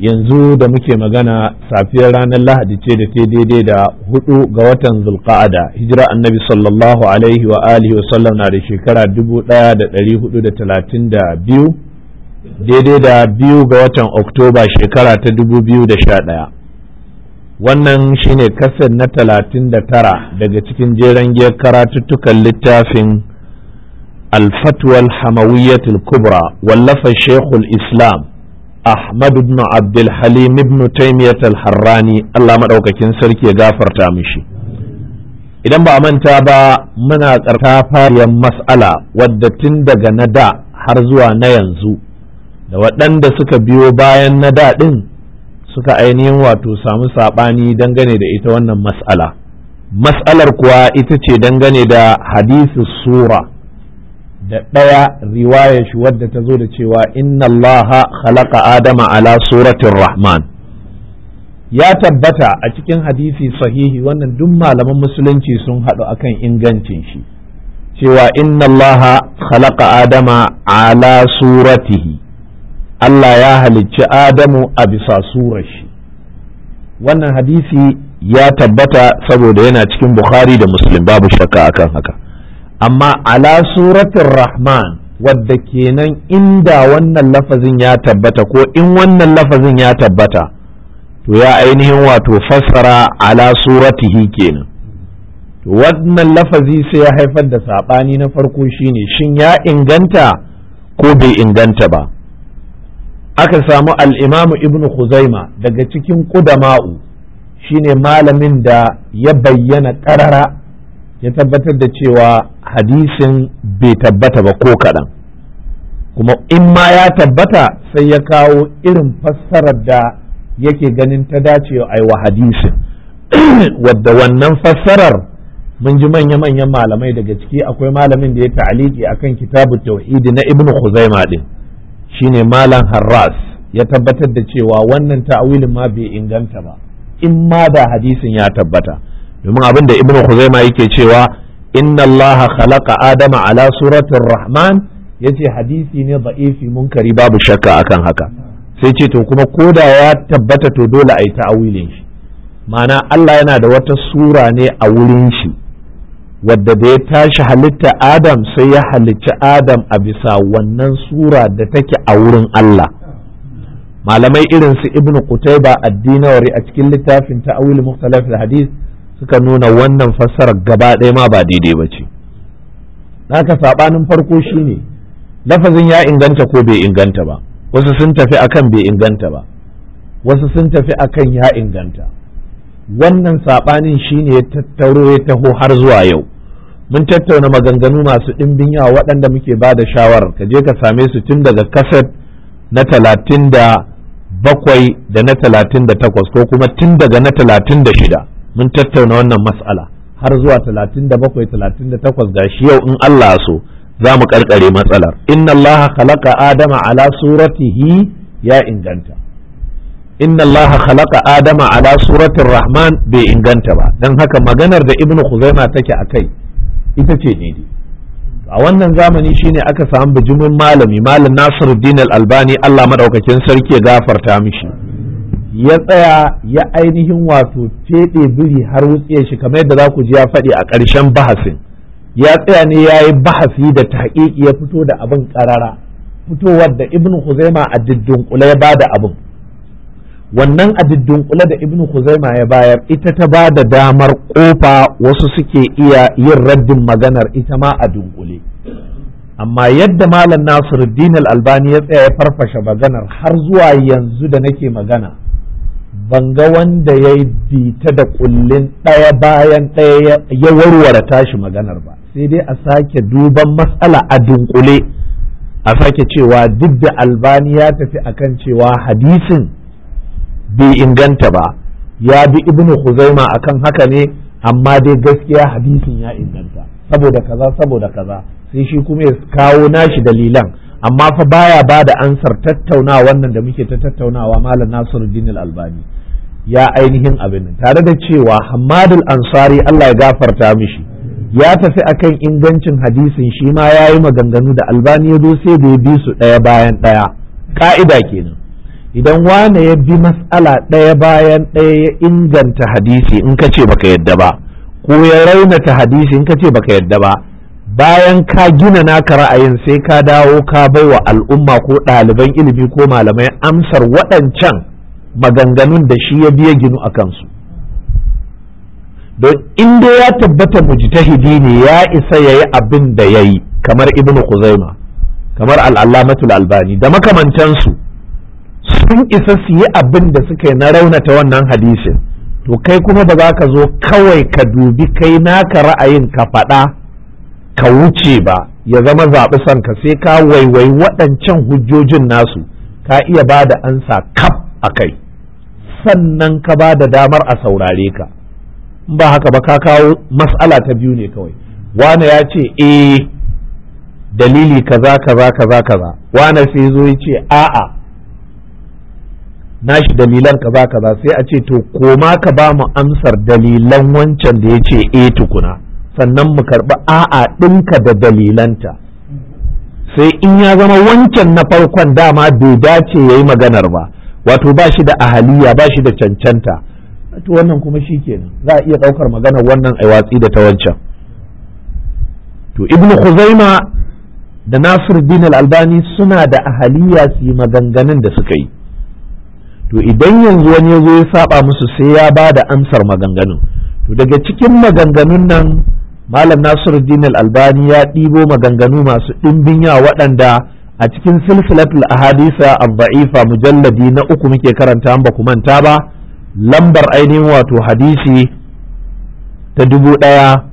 yanzu da muke magana safiyar ranar lahadi ce da ta daidai da hudu ga watan zulqa'ada hijira annabi sallallahu alaihi wa alihi wa sallam na da shekara dubu daya da dari hudu da talatin da biyu daidai da biyu ga watan oktoba shekara ta dubu biyu da sha daya wannan shine kasar na talatin da tara daga cikin jeren giyar karatuttukan littafin alfatwal hamawiyyatul kubra wallafa shekul islam Ahmad ibn Abdul Halim ibn Taymiyyah al-Harrani Allah madaukakin sarki ya gafarta mishi idan ba a manta ba muna tsarta fariyar wadda tun daga na har zuwa na yanzu da waɗanda suka biyo bayan na ɗin suka ainihin wato samu saɓani dangane da ita wannan mas'ala mas'alar kuwa ita ce dangane da hadisi sura da ɗaya riwayar shi wadda ta zo da cewa inna allaha khalaqa adama ala suratin rahman ya tabbata a cikin hadisi sahihi wannan duk malaman musulunci sun haɗu akan ingancin shi cewa inna allaha khalaqa adama ala suratihi Allah ya halicci Adamu a bisa surar shi wannan hadisi ya tabbata saboda yana cikin Bukhari da Muslim babu shakka akan haka amma ala suratin rahman wadda kenan inda wannan lafazin ya tabbata ko in wannan lafazin ya tabbata to ya ainihin wato fassara ala suratihi kenan to wannan lafazi sai ya haifar da saɓani na farko shine shin ya inganta ko bai inganta ba aka samu al'imamu ibn Khuzaima daga cikin ƙudama'u shine malamin da ya bayyana ƙarara ya tabbatar da cewa hadisin bai tabbata ba ko kaɗan kuma in ma ya tabbata sai ya kawo irin fassarar da yake ganin ta dace aiwa hadisin wadda wannan fassarar mun ji manya-manyan malamai daga ciki akwai malamin da ya ta'aliki a kan kitabu tauhidi na ibnu khuzaima din shine malam harras ya tabbatar da cewa wannan ta'awilin ma bai inganta ba in ma da hadisin ya tabbata domin abin da ibnu khuzaima yake cewa inna allaha khalaqa adama ala suratir rahman yace hadisi ne da'ifi munkari babu shakka akan haka sai ce to kuma koda ya tabbata to dole a yi ta'awilin shi ma'ana Allah yana da wata sura ne a wurin shi wadda da ya tashi halitta Adam sai ya halicci Adam a bisa wannan sura da take a wurin Allah malamai irin su Ibnu Qutayba addinawari a cikin littafin ta'awil mukhtalaf al-hadith suka nuna wannan fassarar gaba ɗaya ma ba daidai ba ce Naka saɓanin farko shine lafazin ya inganta ko bai inganta ba wasu sun tafi akan bai inganta ba wasu sun tafi akan ya inganta wannan saɓanin shine ya tattaro ya taho har zuwa yau mun tattauna maganganu masu ɗimbin yawa waɗanda muke ba da shawarar ka je ka same su tun daga kaset na talatin da bakwai da na talatin da takwas ko kuma tun daga na talatin da shida mun tattauna wannan mas'ala har zuwa 37 38 gashi yau in Allah so za mu karkare matsalar inna allaha khalaqa adama ala suratihi ya inganta inna allaha khalaqa adama ala suratin rahman bai inganta ba don haka maganar da ibnu khuzaima take a kai ita ce daidai a wannan zamani shine aka samu bijimin malami malam nasiruddin al-albani Allah madaukakin sarki ya gafarta mishi ya tsaya ya ainihin wato teɗe biri har wutsiyar shi kamar yadda za ku ji ya faɗi a ƙarshen bahasin ya tsaya ne ya yi bahasi da taƙiƙi ya fito da abin ƙarara fitowar da ibn huzaima a diddunƙule ya bada abin wannan a diddunƙule da ibnu huzaima ya bayar ita ta ba da damar ƙofa wasu suke iya yin raddin maganar ita ma a dunƙule amma yadda malam nasiruddin albani ya tsaya ya farfashe maganar har zuwa yanzu da nake magana ban ga wanda ya yi bita da kullin ɗaya bayan ɗaya ya warware tashi maganar ba sai dai a sake duban matsala a dunkule a sake cewa duk da albani ya tafi akan cewa hadisin bai inganta ba ya bi ibnu huzaima akan haka ne amma dai gaskiya hadisin ya inganta saboda kaza saboda kaza sai shi kuma ya kawo nashi dalilan amma fa baya ba da ansar tattaunawa wannan da muke ta tattaunawa malam nasiruddin al-albani ya ainihin abin tare da cewa hamadul ansari Allah ya gafarta mishi ya tafi akan ingancin hadisin shi ma ya yi maganganu da albani ya zo sai da ya bi su ɗaya bayan ɗaya ka'ida kenan idan wane ya bi mas'ala ɗaya bayan ɗaya ya inganta hadisi in ka ce baka yadda ba ko ya raunata hadisi in ka ce baka yadda ba bayan ka gina naka ra'ayin sai ka dawo ka baiwa al'umma ko ɗaliban ilimi ko malamai amsar waɗancan maganganun da shi ya biya ginu a kansu don inda ya tabbata mujtahidi ne ya isa ya yi abin da ya yi kamar ibn Kuzaima kamar al'allamatul albani da makamantansu sun isa su yi abin da suka yi na raunata wannan hadisin to kai kuma ba za ka zo kawai ka dubi kai naka ra'ayin ka faɗa ka wuce ba ya zama zaɓi sanka sai ka waiwai waɗancan hujjojin nasu ka iya ba da ansa kaf a kai sannan ka ba da damar a saurare ka ba haka ba ka kawo matsala ta biyu ne kawai wane ya ce e dalili kaza kaza kaza kaza wane sai zo ya ce a'a shi dalilan kaza kaza sai a ce to koma ka ba mu amsar dalilan wancan da ya ce e tukuna sannan mu karɓi a'a ɗinka da dalilanta sai in ya zama wancan na farkon dama bai dace ya yi maganar ba wato ba shi da ahaliya ba shi da cancanta Wato wannan kuma shi kenan za a iya ɗaukar maganar wannan a watsi da ta wancan to ibnu khuzaima da nasir din al-albani suna da ahaliya su yi maganganun da suka yi to idan yanzu wani ya zo ya saba musu sai ya ba da amsar maganganun to daga cikin maganganun nan malam nasiruddin al-albani ya ɗibo maganganu masu ɗimbin yawa waɗanda a cikin silsilatul ahadisa al-da'ifa mujalladi na uku muke karanta ba ku manta ba lambar ainihin wato hadisi ta dubu ɗaya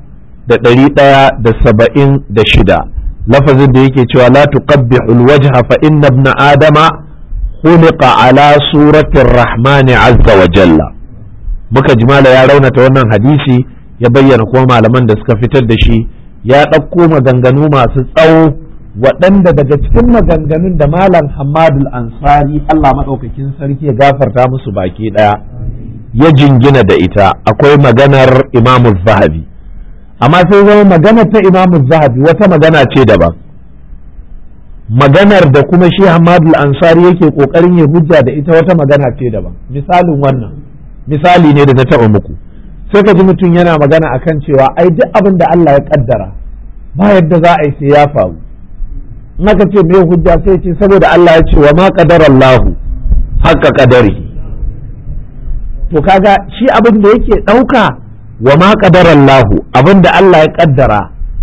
da ɗari ɗaya da saba'in da shida lafazin da yake cewa la tuqabbihul wajha fa inna ibn adama khuliqa ala suratir rahmani azza wa jalla muka jimala ya raunata wannan hadisi ya bayyana kuma malaman da suka fitar da shi ya ɗauko maganganu masu tsawo waɗanda daga cikin maganganun da malam hamadul ansari allah maɗaukakin sarki ya gafarta musu baki ɗaya ya jingina da ita akwai maganar imamu zahabi amma sai zama magana ta imamu zahabi wata magana ce daban maganar da kuma shi hamadul ansari yake ƙoƙarin ya hujja da ita wata magana ce daban misalin wannan misali ne da na taɓa muku sai ka ji mutum yana magana akan cewa ai duk abin da Allah ya kaddara ba yadda za a yi sai ya faru naka ce mai hujja sai ce saboda Allah ya ce wa ma qadarallahu haka kadari to kaga shi abin da yake dauka wa ma qadarallahu abin da Allah ya kaddara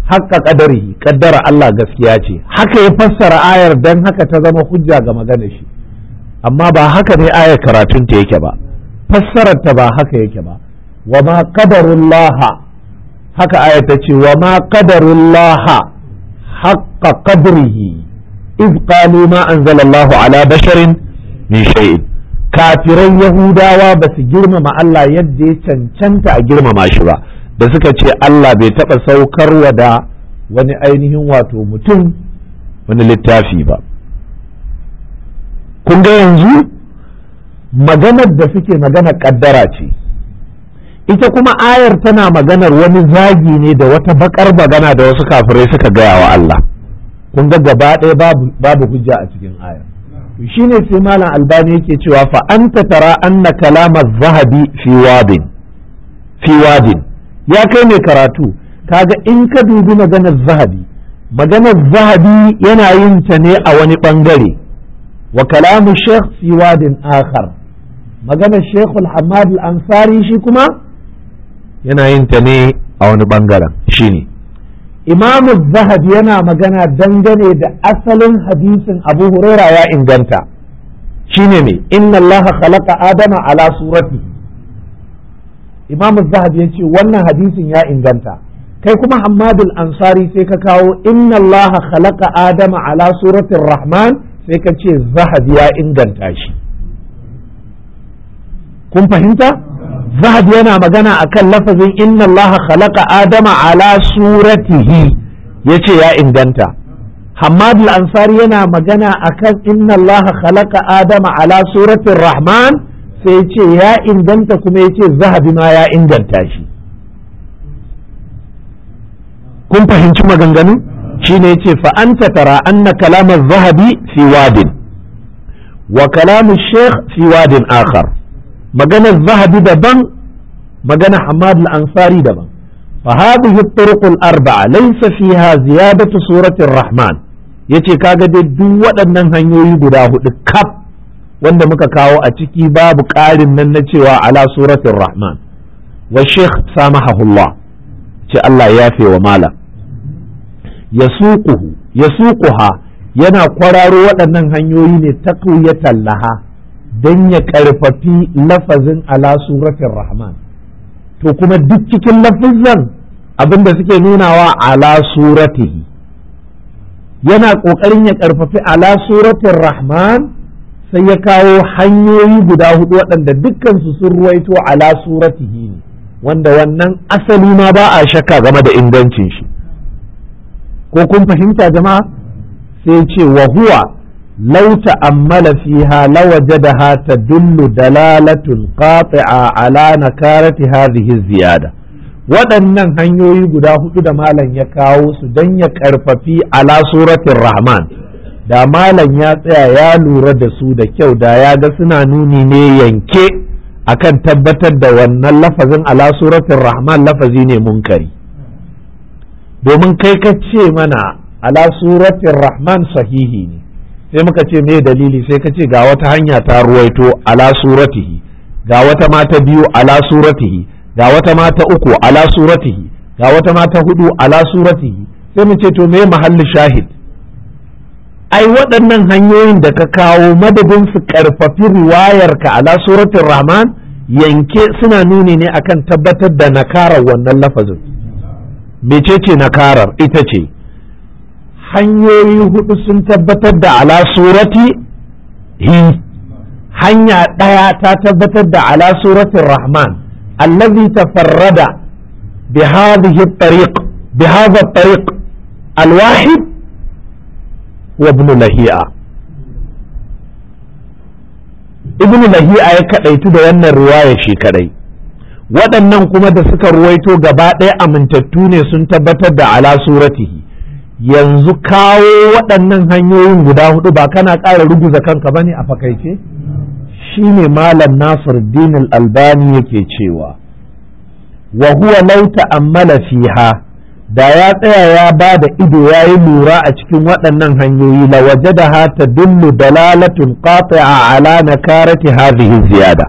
haka kadari kaddara Allah gaskiya ce haka ya fassara ayar dan haka ta zama hujja ga maganar shi amma ba haka ne ayar karatun ta yake ba fassarar ta ba haka yake ba wa ma qadarullaha haka aya ta ce wa ma qadarullaha haqqa qadrihi iz qalu ma anzalallahu ala basharin min shay'in kafiran yahudawa ba su girmama Allah yadda ya cancanta a girmama shi ba da suka ce Allah bai taɓa wa da wani ainihin wato mutum wani littafi ba kun ga yanzu maganar da suke magana kaddara ce ita kuma ayar tana maganar wani zagi ne da wata bakar magana da wasu kafirai suka gaya wa Allah kun ga gaba ɗaya babu hujja a cikin ayar shi ne sai malam albani yake cewa fa anta tara anna kalama zahabi fi wadin fi wadin ya kai mai karatu kaga in ka dubi maganar zahabi maganar zahabi yana yin ta ne a wani bangare wa kalamu sheikh fi wadin akhar maganar sheikh al-hamad al-ansari shi kuma yana yin ta ne a wani bangaren ne. imamu Zahab yana magana dangane da asalin hadisin abu huraira ya inganta Shi ne inna allaha khalaqa adama ala surati imamu Zahab ya ce wannan hadisin ya inganta kai kuma hamadul ansari sai ka kawo inna allaha khalaqa adama ala suratin rahman sai ka ce Zahab ya inganta shi kun fahimta zahab yana magana akan lafazin inna Allah khalaqa adama ala suratihi yace ya inganta Hamad al-Ansari yana magana akan inna Allah khalaqa adama ala suratin Rahman sai yace ya inganta kuma yace zahabi ma ya inganta shi kun fahimci maganganu shine yace fa anta tara anna kalamar zahabi fi wadin wa kalam shek shaykh fi wadin akhar maganar zahabi daban maganar hamad ansari daban fa hadhihi arbaa laysa fiha ziyadatu surati rahman yace kaga dai duk waɗannan hanyoyi guda hudu kaf wanda muka kawo a ciki babu ƙarin nan na cewa ala suratun rahman wa sheikh samahahullah ce Allah ya wa malam yasuquhu yasuquha yana kwararo waɗannan hanyoyi ne taqwiyatan laha don ya ƙarfafi lafazin ala suratin rahman to kuma duk cikin lafizan abinda suke nunawa ala suratihi yana ƙoƙarin ya ƙarfafi ala suratin rahman sai ya kawo hanyoyi guda hudu waɗanda dukkansu sun ruwaito ala suratihi ne wanda wannan asali ma ba a shakka game da ingancin shi ko kun fahimta jama'a sai ce wa huwa لو تأمل فيها لوجدها تدل دلالة قاطعة على نكارة هذه الزيادة waɗannan hanyoyi guda hudu da malam ya kawo su don ya ƙarfafi ala suratin rahman da malam ya tsaya ya lura da su da kyau da ya ga suna nuni ne yanke akan tabbatar da wannan lafazin ala suratin rahman lafazi ne munkari domin kai ka ce mana ala suratin rahman sahihi ne sai muka ce me dalili sai ka ce ga wata hanya ta ruwaito ala suratihi ga wata mata biyu ala suratihi ga wata mata uku ala suratihi ga wata mata hudu ala suratihi sai mu ce to me mahalli shahid ai waɗannan hanyoyin da ka kawo madadin su karfafi riwayarka ala suratin rahman yanke suna nuni ne akan tabbatar da nakarar wannan lafazin mecece nakarar ita ce hanyoyi hudu sun tabbatar da ala surati hi hanya ɗaya ta tabbatar da ala suratin rahman allazi tafarrada bi hadhihi at-tariq bi hadha at-tariq al-wahid wa ibn lahi'a ibn lahi'a ya kadaitu da wannan riwaya shi kadai waɗannan kuma da suka ruwaito gaba ɗaya amintattu ne sun tabbatar da ala suratihi yanzu kawo waɗannan hanyoyin guda hudu ba kana ƙara ruguza kanka bane a fakaice Shi ne malam nasir dinul albani yake cewa wa huwa law ta'ammala fiha da ya tsaya ya ba da ido ya yi lura a cikin waɗannan hanyoyi la wajadaha tadullu dalalatun qati'a ala nakarati hadhihi ziyada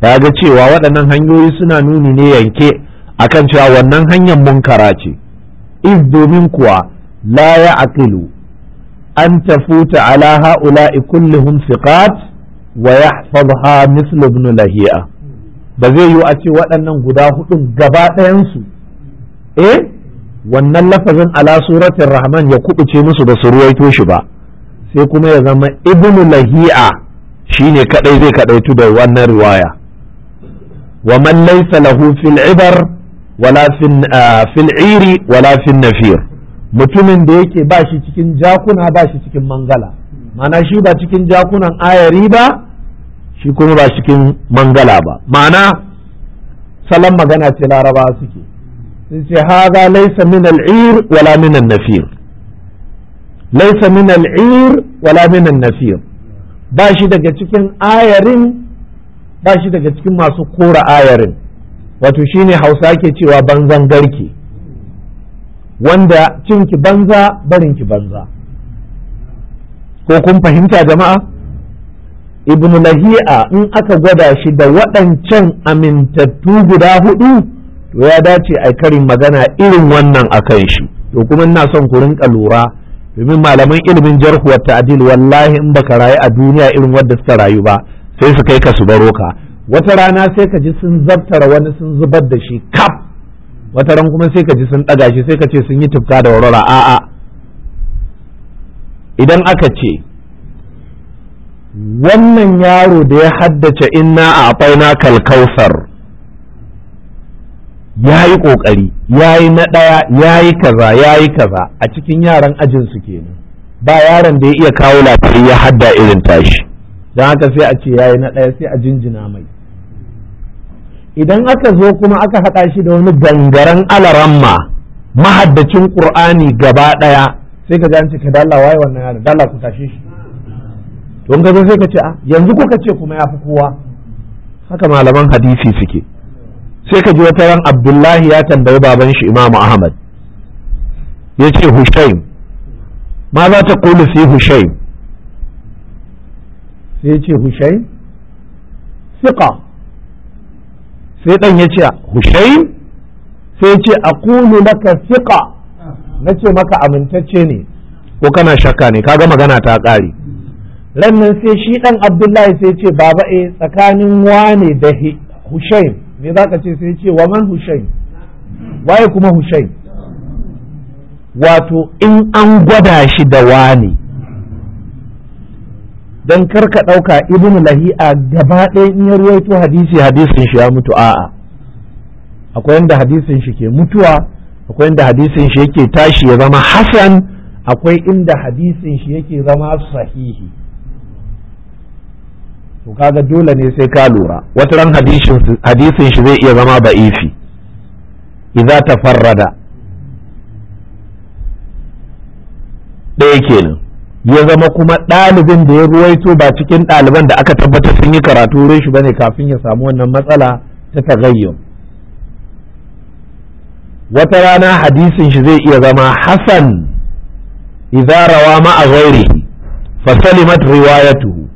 ya ga cewa waɗannan hanyoyi suna nuni ne yanke akan cewa wannan hanyar munkara ce domin kuwa la ya'qilu an tafuta ala ha'ula'i kullihum siqat wa yahfazha misl ibn ba zai yi a ce waɗannan guda huɗun gaba ɗayansu eh wannan lafazin ala suratin rahman ya kubuce musu ba su ruwaito shi ba sai kuma ya zama ibn lahiya shine kadai zai kadaitu da wannan riwaya wa man laysa lahu wala fil wala fil mutumin da yake ba shi cikin jakuna ba shi cikin mangala ma'ana shi ba cikin jakunan ayari ba shi kuma ba cikin mangala ba ma'ana salon magana ce laraba suke sun ce haza laisa min al'ir wala min nafir laisa min al'ir wala min nafir ba shi daga cikin ayarin ba shi daga cikin masu kora ayarin wato shine hausa ke cewa banzan garke wanda cinki banza barinki banza ko kun fahimta jama'a ibn lahi'a in aka gwada shi da waɗancan amintattu guda hudu to ya dace a karin magana irin wannan a kan shi to kuma ina son ku rinka lura domin malaman ilimin jarhu wa ta'dil wallahi in baka rayu a duniya irin wanda suka rayu ba sai su kai ka su baro ka wata rana sai ka ji sun zabtara wani sun zubar da shi kaf wata ran kuma sai ka ji sun ɗaga shi sai ka ce sun yi tufka da warwara a'a idan aka ce wannan yaro da ya haddace inna a faina kalkausar ya yi ƙoƙari ya yi na ɗaya ya yi kaza ya yi kaza a cikin yaran ajinsu kenan ba yaron da ya iya kawo lafiya ya hadda irin tashi don haka sai a ce ya yi na ɗaya sai a jinjina mai idan aka zo kuma aka haɗa shi da wani gangaren alaramma mahaddacin ƙur'ani gaba ɗaya sai ka gance ka dalla waye wannan yaron dalla ku tashe shi to ka zo sai ka ce a ah, yanzu kuka ce kuma ya fi kowa haka malaman hadisi suke sai ka ji wata ran abdullahi ya tambayi baban shi imamu ahmad ya ce hushaim ma za ta kulu sai hushaim sai ya ce hushaim siƙa sai dan ya ce hushaim sai ya ce aqulu laka thiqa nace maka amintacce ne ko kana shakka ne kaga magana ta ƙare Lannan sai shi ɗan abdullahi sai ce baba eh tsakanin wane da hushaim me za ka ce sai ce wa man hushaim waye kuma hushaim wato in an gwada shi da wane don ka ɗauka ibn lahi'a gaba ɗaya in ya ruwaito hadisi hadisin shi ya mutu a'a akwai inda hadisin shi ke mutuwa akwai inda hadisin shi yake tashi ya zama hasan akwai inda hadisin shi yake zama sahihi to kaga dole ne sai ka lura wata ran hadisin shi zai iya zama ba'ifi idza tafarrada ɗaya kenan ya zama kuma ɗalibin da ya ruwaito ba cikin ɗaliban da aka tabbatar sun yi karatu wurin shi bane kafin ya samu wannan matsala ta tagayyum wata rana hadisin shi zai iya zama hasan izarawa rawa ma a ghairihi fa salimat riwayatuhu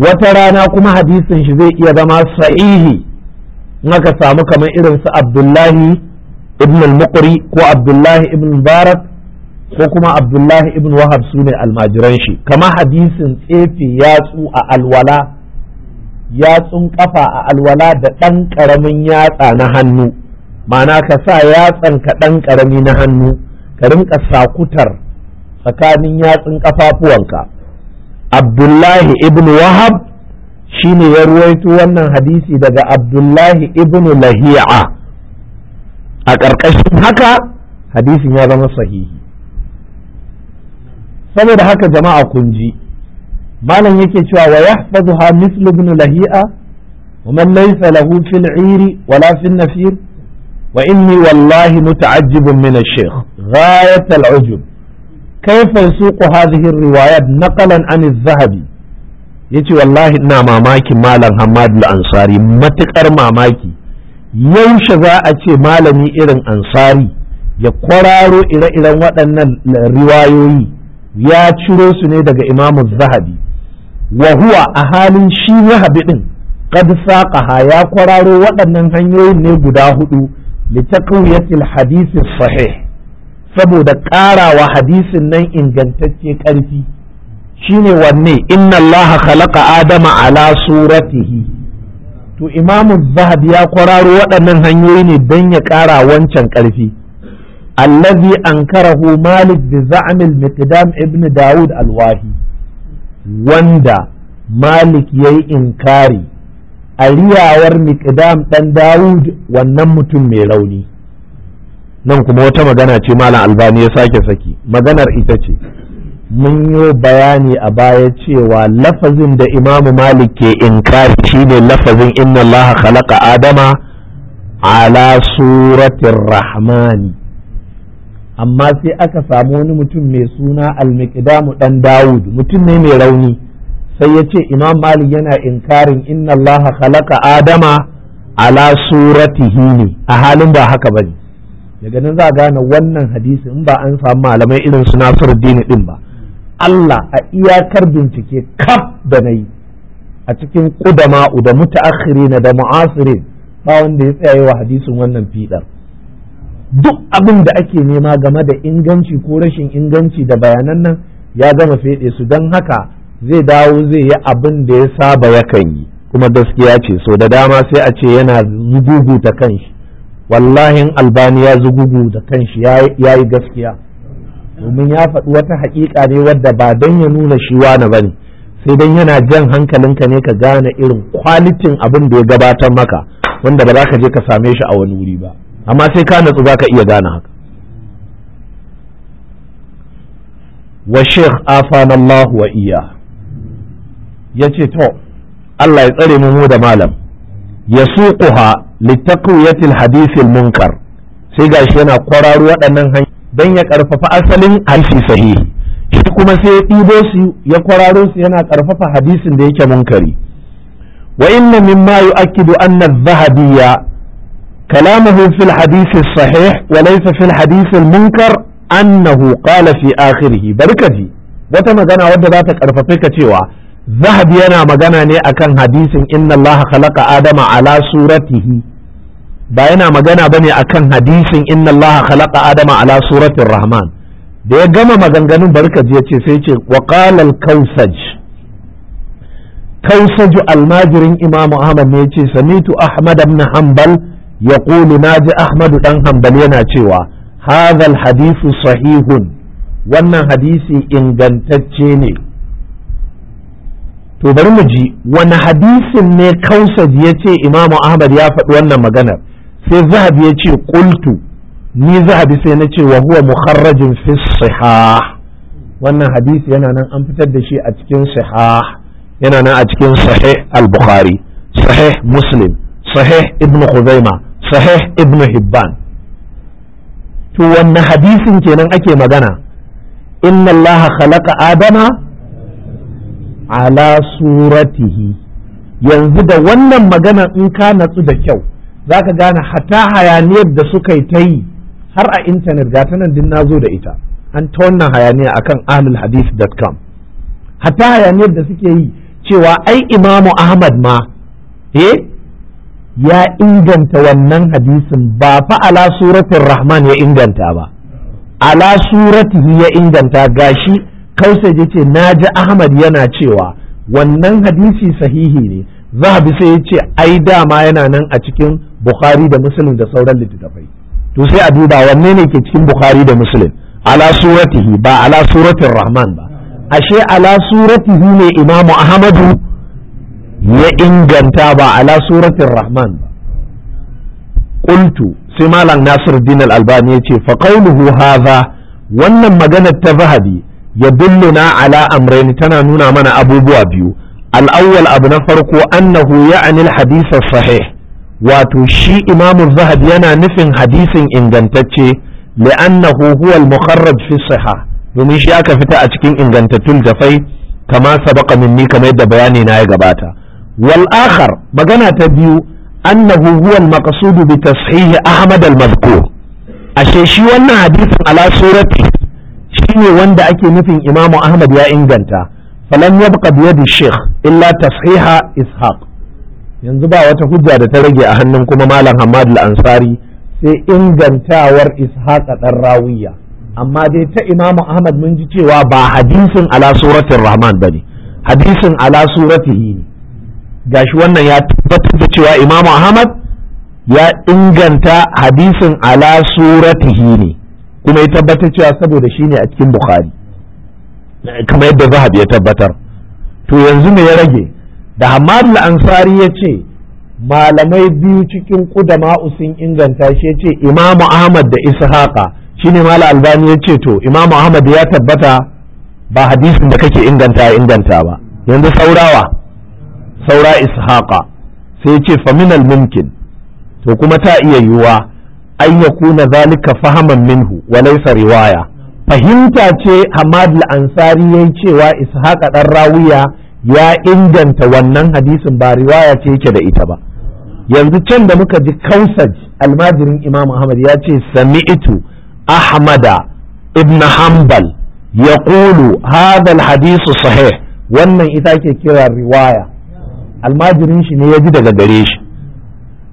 wata rana kuma hadisin shi zai iya zama sahihi in aka samu kamar irin su Abdullahi ibn al-Muqri ko Abdullahi ibn barak. ko kuma abdullahi ibn wahab su ne almajiran shi kama hadisin tsefe yatsu a alwala yatsun kafa a alwala da ɗan ƙaramin yatsa na hannu ma'ana ka sa yatsan ka ɗan ƙarami na hannu ka rinka sakutar tsakanin yatsun ƙafafuwanka abdullahi ibn wahab shine ya ruwaito wannan hadisi daga abdullahi ibn lahi'a a ƙarƙashin haka hadisin ya zama sahihi saboda haka jama'a kun ji malam yake cewa wa yahfadu misl ibn lahi'a wa man laysa lahu fil 'iri wala fil nafir wa inni wallahi muta'ajjibun min ash-shaykh ghayat al-'ujub kayfa yasuqu hadhihi ar-riwayat naqalan an zahabi yace wallahi ina mamakin malam Hamad la ansari matukar mamaki yaushe za a ce malami irin ansari ya kwararo ire-iren waɗannan riwayoyi ya ciro su ne daga imamu zahabi wa huwa a halin shi zahabi din qad saqaha ya kwararo waɗannan hanyoyin ne guda hudu li taqwiyatil hadith sahih saboda ƙarawa hadisin nan ingantacce ƙarfi shine wanne inna allaha khalaqa adama ala suratihi to imamu zahabi ya kwararo waɗannan hanyoyi ne don ya ƙara wancan ƙarfi الذي ankarahu malik bi المقدام miqdam داود الواهي alwahi wanda malik yayi inkari a riyawar miqdam dan wannan mutum mai rauni nan kuma wata magana ce malam albani ya sake saki maganar ita ce mun yi bayani a baya cewa lafazin da imamu malik ke inkari shine lafazin inna allaha khalaqa adama ala suratin rahmani amma sai aka samu wani mutum mai suna almiqdamu dan dawud mutum ne mai rauni sai ya ce imam malik yana inkarin inna allaha khalaqa adama ala suratihi ne a halin ba haka bane daga nan za a gane wannan hadisi in ba an samu malamai irin su dini din ba Allah a iyakar bincike kaf da yi a cikin kudama'u da mutaakhirina da mu'asirin ba wanda ya tsaye wa hadisin wannan fidar duk abin da ake nema game da inganci ko rashin inganci da bayanan nan ya gama feɗe su don haka zai dawo zai yi abin da ya saba yakan yi kuma gaskiya ce so da dama sai a ce yana zugugu ta kanshi wallahin albani ya zugugu da kanshi ya yi gaskiya domin ya faɗi wata haƙiƙa ne wadda ba don ya nuna shi wani ba ne sai don yana jan hankalinka ne ka gane irin kwalitin abin da ya gabatar maka wanda ba za ka je ka same shi a wani wuri ba amma sai ka natsu za ka iya gane haka wa sheikh afanallahu wa iya ya ce to Allah ya tsare mu da malam ya suquha litaqwiyatil hadithil munkar sai gashi yana kwararo waɗannan hanyoyi don ya ƙarfafa asalin hadisi sahihi shi kuma sai ya ɗibo su ya kwararo su yana ƙarfafa hadisin da yake munkari wa inna mimma yu'akkidu anna adh-dhahabiyya كلامه في الحديث الصحيح وليس في الحديث المنكر أنه قال في آخره بركتي وتمغنى ودى ذاتك أرفقك تيوى ذهب ينا مغنى ني أكن حديث إن الله خلق آدم على صورته باينا مغنى بني أكن حديث إن الله خلق آدم على صورة الرحمن da ya gama maganganun barkaji ya ce sai ce wa qalal kausaj kausaj almajirin imamu ahmad ne ya ce samitu ahmad ibn hanbal na ji ahmadu ɗan hanbal yana cewa hadha alhadithu sahihun wannan hadisi ingantacce ne to bari mu ji wani hadisin ne kausad ya ce imamu ahmad ya faɗi wannan maganar sai zahabi ya ce kultu ni zahabi sai na ce wa huwa mukharrajin fi sihah wannan hadisi yana nan an fitar da shi a cikin sihah yana nan a cikin sahih al-bukhari sahih muslim sahih ibnu khuzaima sahih ibn hibban to wannan hadisin kenan ake magana inna allaha khalaqa adama ala suratihi yanzu da wannan magana in ka natsu da kyau za ka gane hata hayaniyar da suka yi ta yi har a intanet ga ta nan din na zo da ita an ta wannan hayaniya akan ahlulhadith.com hata hayaniyar da suke yi cewa ai imamu ahmad ma eh ya inganta wannan hadisin ba fa ala suratin rahman ya inganta ba ala suratihi ya inganta gashi kausai ya ce na ji ahmad yana cewa wannan hadisi sahihi ne zahabi sai ya ce ai dama yana nan a cikin bukhari da muslim da sauran littattafai to sai a duba wanne ne ke cikin bukhari da muslim ala suratihi ba ala suratin rahman ba ashe ala suratihi ne imamu ahmadu ya inganta ba ala suratin rahman qultu sai malam nasir din al-albani ce fa qawluhu wannan maganar ta zahabi ya dulluna ala amrain tana nuna mana abubuwa biyu al-awwal abu na farko annahu ya'ni al-hadith sahih wato shi imamu zahabi yana nufin hadisin ingantacce li'annahu huwa al-mukharraj fi sahih domin shi aka fita a cikin ingantattun jafai kama sabaka minni kamar yadda bayani na ya gabata wal akhar magana ta biyu annahu huwa al bi tashih ahmad al mazkur ashe shi wannan hadisin ala surati shine wanda ake nufin imamu ahmad ya inganta falam yabqa bi yadi illa tashiha ishaq yanzu ba wata hujja da ta rage a hannun kuma malam hamad al sai ingantawar ishaq dan rawiya amma dai ta imamu ahmad mun ji cewa ba hadisin ala suratin rahman bane hadisin ala suratihi ne gashi wannan ya tabbatar da cewa imam ahmad ya inganta hadisin ala suratihi ne kuma ya tabbatar cewa saboda shi ne a cikin bukhari kamar yadda zahab ya tabbatar to yanzu me ya rage da hamad al-ansari ya ce malamai biyu cikin kudama sun inganta shi ya ce imamu ahmad da ishaqa shine mala albani ya ce to Imam ahmad ya tabbata ba hadisin da kake inganta inganta ba yanzu saurawa saura ishaqa sai ce faminal mumkin to kuma ta iya yiwuwa an ya kuna zalika fahaman minhu walaisa riwaya fahimta ce Hamad Ansari ansari yi cewa Ishaqa dan Rawiya ya inganta wannan hadisin ba riwaya ce yake da ita ba yanzu can da muka ji Kausaj almajirin Imam Ahmad ya ce sami'tu Ahmada ibn Hanbal yaqulu hadha al-hadith sahih wannan ita ke kiran riwaya almajirin shi ne ya ji daga gare shi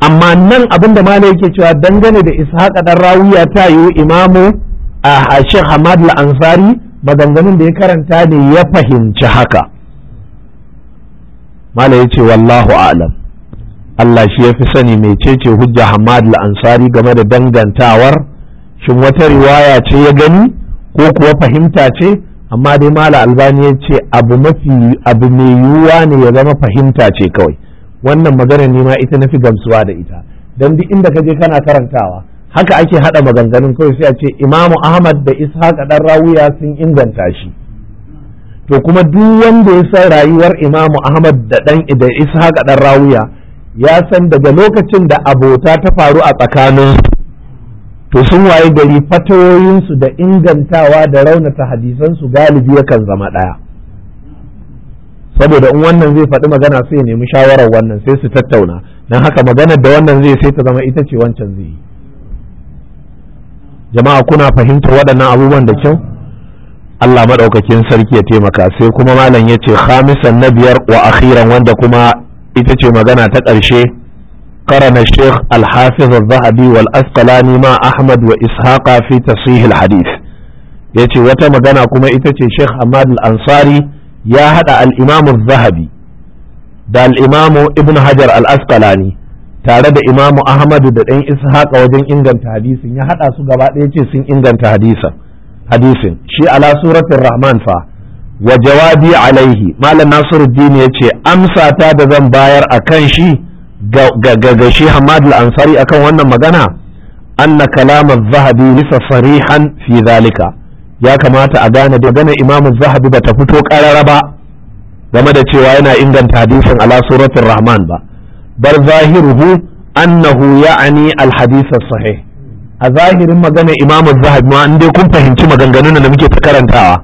amma nan abin da malai yake cewa dangane da ishaqa dan rawiya ta yi imamu a shi hamad al-ansari maganganun da ya karanta ne ya fahimci haka malai yace wallahu a'lam Allah shi ya fi sani cece hujja hamad al-ansari game da dangantawar shin wata riwaya ce ya gani ko kuwa fahimta ce amma dai mala albani ya ce abu mafi abu mai yiwuwa ne ya zama fahimta ce kawai wannan magana ne ma ita nafi gamsuwa da ita dan duk inda ka je kana karantawa haka ake hada maganganun kawai sai a ce imamu ahmad da ishaq dan rawiya sun inganta shi to kuma duk wanda ya san rayuwar imamu ahmad da dan da ishaq dan rawiya ya san daga lokacin da abota ta faru a tsakanin to sun waye gari fatayoyinsu da ingantawa da raunata hadisansu galibi yakan zama ɗaya saboda in wannan zai faɗi magana sai ya nemi shawarar wannan sai su tattauna don haka maganar da wannan zai sai ta zama ita ce wancan zai yi jama'a kuna fahimtar waɗannan abubuwan da kyau Allah maɗaukakin sarki ya taimaka sai kuma malam ya ce khamisan na biyar wa akhiran wanda kuma ita ce magana ta ƙarshe قرن الشيخ الحافظ الذهبي والأسقلاني مع أحمد وإسحاق في تصحيح الحديث يتي وتمدنا كما إتتي شيخ أماد الأنصاري يا هذا الإمام الذهبي da al'imamu ibn hajar Al-Askalani tare da imamu ahmadu da ɗan ishaqa wajen inganta hadisin ya haɗa su gaba ɗaya ce sun inganta hadisin hadisin shi ala suratin rahman fa wa jawabi alaihi malam nasiruddin ya ce amsa ta da zan bayar a kan shi ga shi hamad al-ansari akan wannan magana anna kalam zahabi Nisa, sarihan fi zalika ya kamata a gane da gane imam Zahabi zahabi bata fito karara ba game da cewa yana inganta hadisin ala suratun rahman ba bar zahiruhu annahu ya'ani al sahih a zahirin magana imam zahabi ma dai kun fahimci maganganun da muke ta karantawa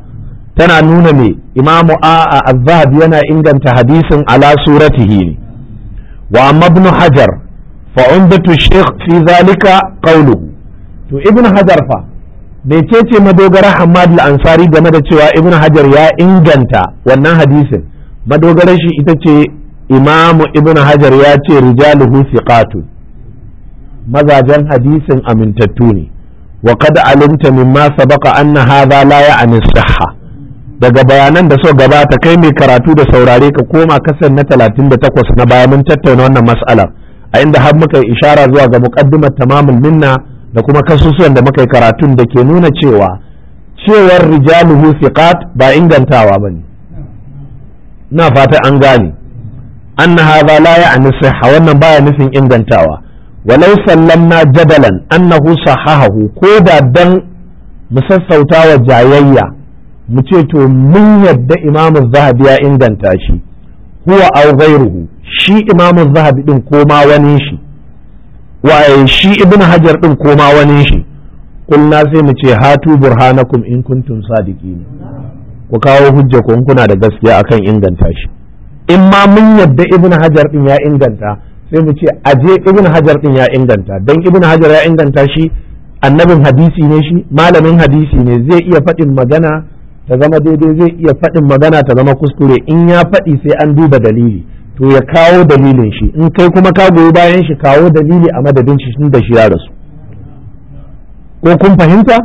tana nuna me imamu a'a az-zahabi yana inganta hadisin ala suratihi ne wa amma ibn hajar fa umdatu shaykh fi zalika qawluhu to ibn hajar fa mecece madogara hamad al-ansari game da cewa ibn hajar ya inganta wannan hadisin madogarar shi ita ce imamu ibn hajar ya ce rijaluhu thiqatun mazajen hadisin amintattu ne wa kada alimta mimma sabaqa anna hadha la ya'ni sihha daga bayanan da suka ta kai mai karatu da saurare ka koma kasar na talatin da 38 na baya mun tattauna wannan mas'alar a inda har muka yi ishara zuwa ga muqaddimar tamamul minna da kuma kasusuwan da muka yi karatun da ke nuna cewa cewar rijaluhu thiqat ba ingantawa bane na fata an gane anna hadha la ya'ni sihha wannan baya nufin ingantawa walau sallamna jadalan annahu sahahahu ko da dan mu sassauta wa jayayya mu ce to mun yadda imamu zahabi ya inganta shi huwa aw ghayruhu shi imamu zahabi din koma wani shi Waye shi ibn hajar din koma wani shi kulna sai mu ce hatu burhanakum in kuntum sadiqin ku kawo hujja ku kuna da gaskiya akan inganta shi in ma mun yadda ibn hajar din ya inganta sai mu ce aje ibn hajar din ya inganta dan ibn hajar ya inganta shi annabin hadisi ne shi malamin hadisi ne zai iya faɗin magana ta zama daidai zai iya faɗin magana ta zama kuskure in ya faɗi sai an duba dalili to ya kawo dalilin shi in kai kuma ka goyi bayan shi kawo dalili a madadin shi tun da shi ya rasu ko kun fahimta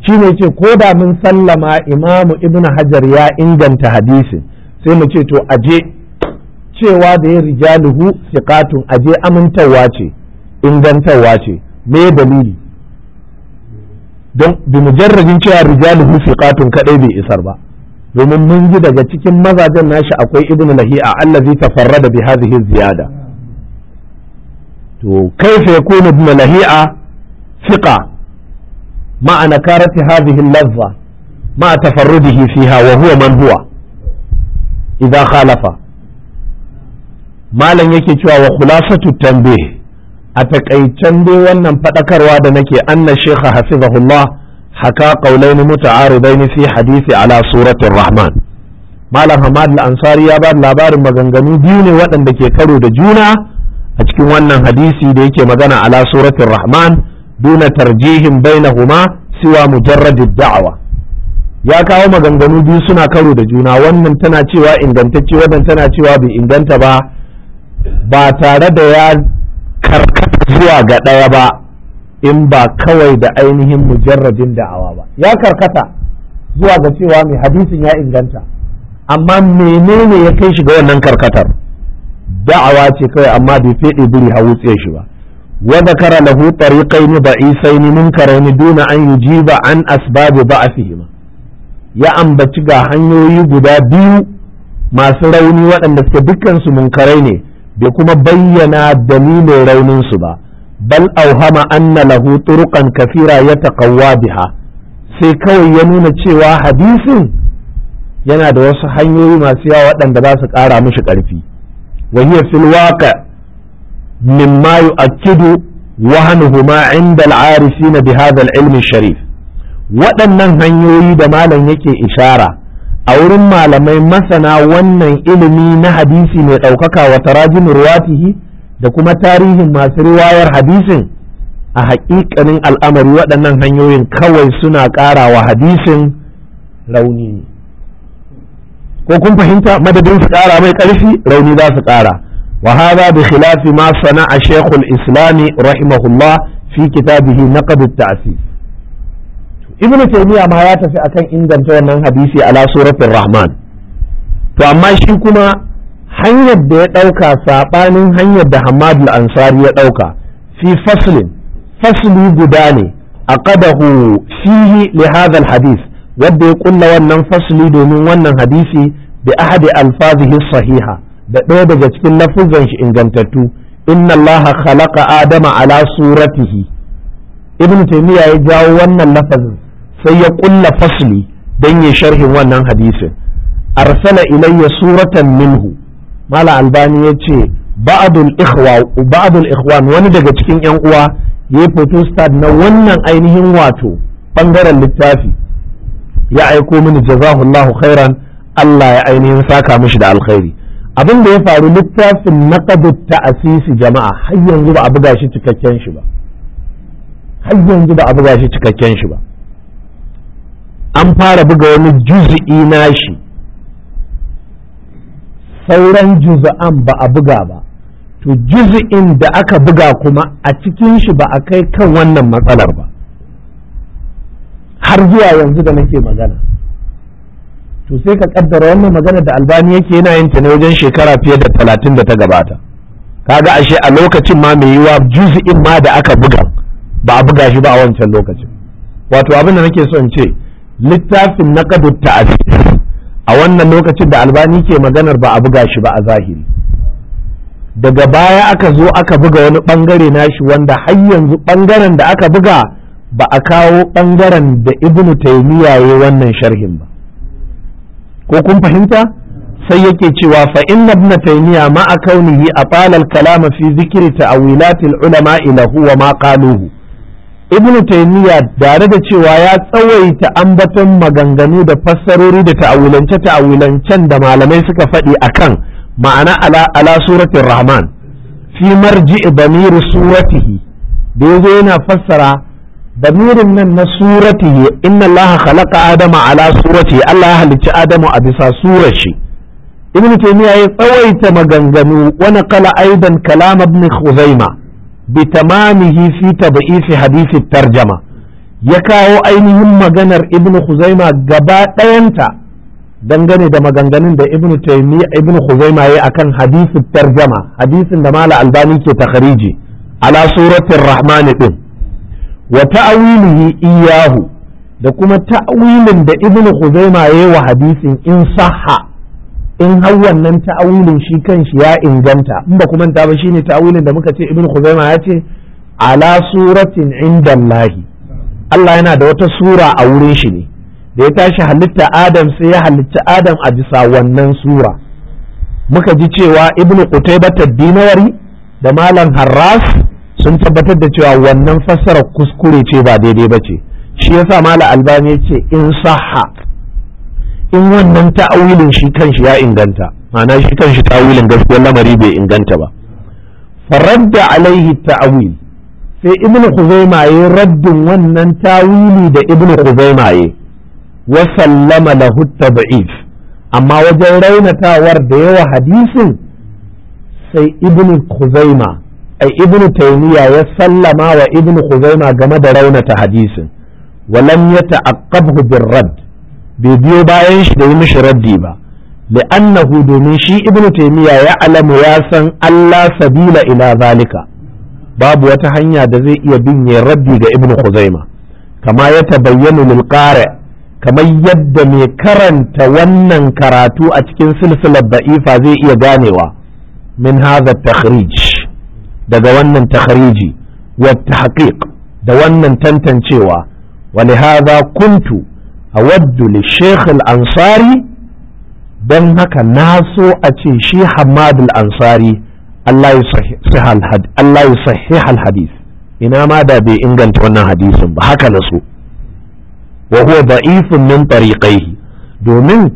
shi ne ce ko da mun sallama imamu ibn hajar ya inganta hadisin sai mu ce to aje cewa da ya rijaluhu siqatun aje amintawa ce ingantawa ce me dalili don bimujarrabin cewa rijali fi katun kadai bai isar ba domin mun ji daga cikin mazajen nashi akwai ibnu lahi'a allazi tafarrada bi hadhihi ziyada to kaifa yakunu ibnu lahiya fiqa ma'ana karati hadhihi al-lazza ma tafarrudihi fiha wa huwa man huwa idza khalafa malan yake cewa wa khulasatu tanbih a takaicen dai wannan faɗakarwa da nake anna shekha hafizahullah haka qaulain muta'aridain fi hadisi ala suratul rahman malam hamad al-ansari ya ba da labarin maganganu biyu ne waɗanda ke karo da juna a cikin wannan hadisi da yake magana ala suratul rahman duna tarjihin bainahuma siwa mujarradid da'wa ya kawo maganganu biyu suna karo da juna wannan tana cewa ingantacce wannan tana cewa bai inganta ba ba tare da ya karkata zuwa ga ɗaya ba in ba kawai da ainihin mujarradin da'awa ba ya karkata zuwa ga cewa mai hadisin ya inganta amma menene ya kai shi ga wannan karkatar da'awa ce kawai amma bai fede biri ha wutse shi ba wa zakara lahu tariqaini ba'isaini munkaraini duna an yujiba an asbabi ba'athihima ya ambaci ga hanyoyi guda biyu masu rauni waɗanda suke dukkan su munkarai ne bai kuma bayyana dalilin rauninsu ba bal auhama anna lahu turuqan kafira ya taqawwa biha sai kawai ya nuna cewa hadisin yana da wasu hanyoyi masu yawa waɗanda za su ƙara mishi ƙarfi wa hiya fil waqa mimma yu'akkidu wahanuhuma inda al'arifina bi hadha al-ilm sharif waɗannan hanyoyi da malam yake ishara a wurin malamai masana wannan ilimi na hadisi mai ɗaukaka wa tarajin ruwatihi da kuma tarihin masu riwayar hadisin a haƙiƙanin al'amari waɗannan hanyoyin kawai suna ƙara wa hadisin rauni ko kun fahimta madadin su ƙara mai ƙarfi rauni za su ƙara wa hada bi khilafi ma sana'a shaykhul islami rahimahullah fi kitabihi naqd at-ta'sis ibnu taymiya ma ya tafi akan inganta wannan hadisi ala suratul rahman to amma shi kuma hanyar da ya dauka sabanin hanyar da hamad al-ansari ya dauka fi faslin fasli guda ne aqadahu fihi li hadha al-hadith wanda ya kulla wannan fasli domin wannan hadisi bi ahadi alfazihi sahiha da ɗaya daga cikin lafuzan shi ingantattu inna allaha khalaqa adama ala suratihi ibnu taymiya ya jawo wannan lafazin sai ya kulla fasli don ya sharhin wannan hadisin arsala ilayya suratan minhu mala albani ya ce ba'adul ikhwan wani daga cikin yan uwa ya foto stad na wannan ainihin wato bangaren littafi ya aiko mini jazahullahu khairan Allah ya ainihin saka mishi da alkhairi abin da ya faru littafin ta asisi jama'a har yanzu ba a buga shi cikakken shi ba har yanzu ba a buga shi cikakken shi ba an fara buga wani juzi'i nashi sauran juz'an ba a buga ba to juzi'in da aka buga kuma a cikin shi ba a kai kan wannan matsalar ba har zuwa yanzu da nake magana to sai ka kaddara wannan magana da albani yake yana yin ta ne wajen shekara fiye da talatin da ta gabata kaga ashe a lokacin ma mai yiwa juzi'in ma da aka buga ba a buga shi ba a wancan lokacin wato abin da nake son ce littafin na ta'abir a wannan lokacin da albani ke maganar ba a buga shi ba a zahiri daga baya aka zo aka buga wani bangare nashi wanda har yanzu bangaren da aka buga ba a kawo bangaren da ibnu taymiya ya wannan sharhin ba ko kun fahimta sai yake cewa fa inna ibnu taymiya ma a kaunihi a kalama fi zikri ta'wilatil ulama ila huwa ma qaluhu ibn taymiya tare da cewa ya tsawaita ambaton maganganu da fassarori da ta'awilance ta'awilancen da malamai suka faɗi akan ma'ana ala ala suratul rahman fi marji damir suratihi da yazo yana fassara damirin nan na suratihi inna allaha khalaqa adama ala suratihi allah ya halicci adamu a bisa surar ibn taymiya ya tsawaita maganganu wa kala aidan kalam ibn khuzaimah bi tamamihi fi hadisi tarjama ya kawo ainihin maganar ibn Khuzaima gaba ɗayanta dangane da maganganun da ibn Taymiyyah ibn Khuzaima yayi akan hadisi tarjama hadisin da Malam Albani ke takhariji ala suratir Rahman din wa ta'awilihi iyahu da kuma ta'wilin da ibn Khuzaima yayi wa hadisin in sahha in har wannan ta'awulin shi kanshi ya inganta in ba kuma ta ba shine ta'awulin da muka ce ibn khuzaima ya ce ala suratin indallahi Allah yana da wata sura a wurin shi ne da ya tashi halitta Adam sai ya halitta Adam a bisa wannan sura muka ji cewa ibn qutaybah tadinawari da malam harras sun tabbatar da cewa wannan fassarar kuskure ce ba daidai ba ce shi yasa malam albani ya ce in sahha in wannan ta'awilin shi kanshi ya inganta ma'ana shi kanshi ta'awilin gaskiyar lamari bai inganta ba faradda alaihi ta'awil sai ibnu khuzaima ya raddin wannan tawili da ibnu khuzaima ya wa sallama lahu tad'if amma wajen raunatawar da yawa hadisin sai ibnu khuzaima ai ibnu taymiya ya sallama wa ibnu khuzaima game da raunata hadisin walam yata'aqqabhu birradd bai biyo bayan shi da yi mishi raddi ba li'annahu domin shi ibn taymiya ya alamu ya san Allah sabila ila zalika babu wata hanya da zai iya bin ya raddi ga ibn Khuzaima kama ya tabayyana lil qari kamar yadda mai karanta wannan karatu a cikin silsilar da'ifa zai iya ganewa min hadha takhrij daga wannan takhriji wa tahqiq da wannan tantancewa ولهذا kuntu awaddu li sheikh ansari don haka na so a ce shi hamad al-ansari Allah ya sahih al ina ma da bai inganta wannan hadisin ba haka na so wa huwa da'ifun min tariqaihi domin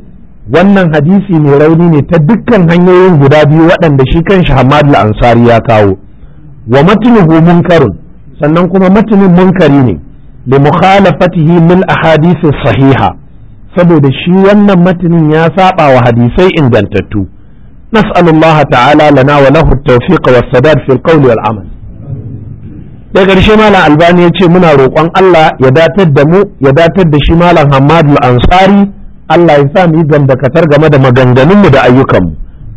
wannan hadisi mai rauni ne ta dukkan hanyoyin guda biyu waɗanda shi kan hamad al-ansari ya kawo wa matnuhu munkarun sannan kuma matanin munkari ne bi mukhalafatihi min ahadisi sahiha saboda shi wannan matanin ya saba wa hadisai ingantattu nas'alullaha ta'ala lana wa lahu at-tawfiq wa sadad fil qawli wal amal da karshe malam albani ya ce muna roƙon Allah ya datar da mu ya datar da shi malam hamadu ansari Allah ya sa mu yi game da maganganunmu da ayyukanmu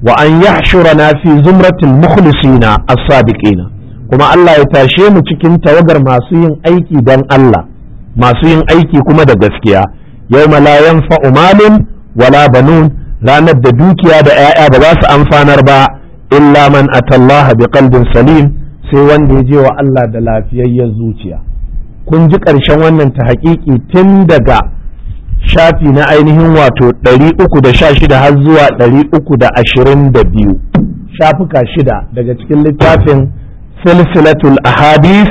wa an yahshurana fi zumratil mukhlisina as-sadiqina kuma Allah ya tashe mu cikin tawagar masu yin aiki don Allah masu yin aiki kuma da gaskiya yau la yanfa'u malun wala banun ranar da dukiya da 'ya'ya ba za su amfanar ba illa man atallaha bi qalbin salim sai wanda ya je wa Allah da lafiyayyen zuciya kun ji ƙarshen wannan ta haƙiƙi tun daga shafi na ainihin wato 316 har zuwa 322 shafuka shida daga cikin littafin silsilatul ahadis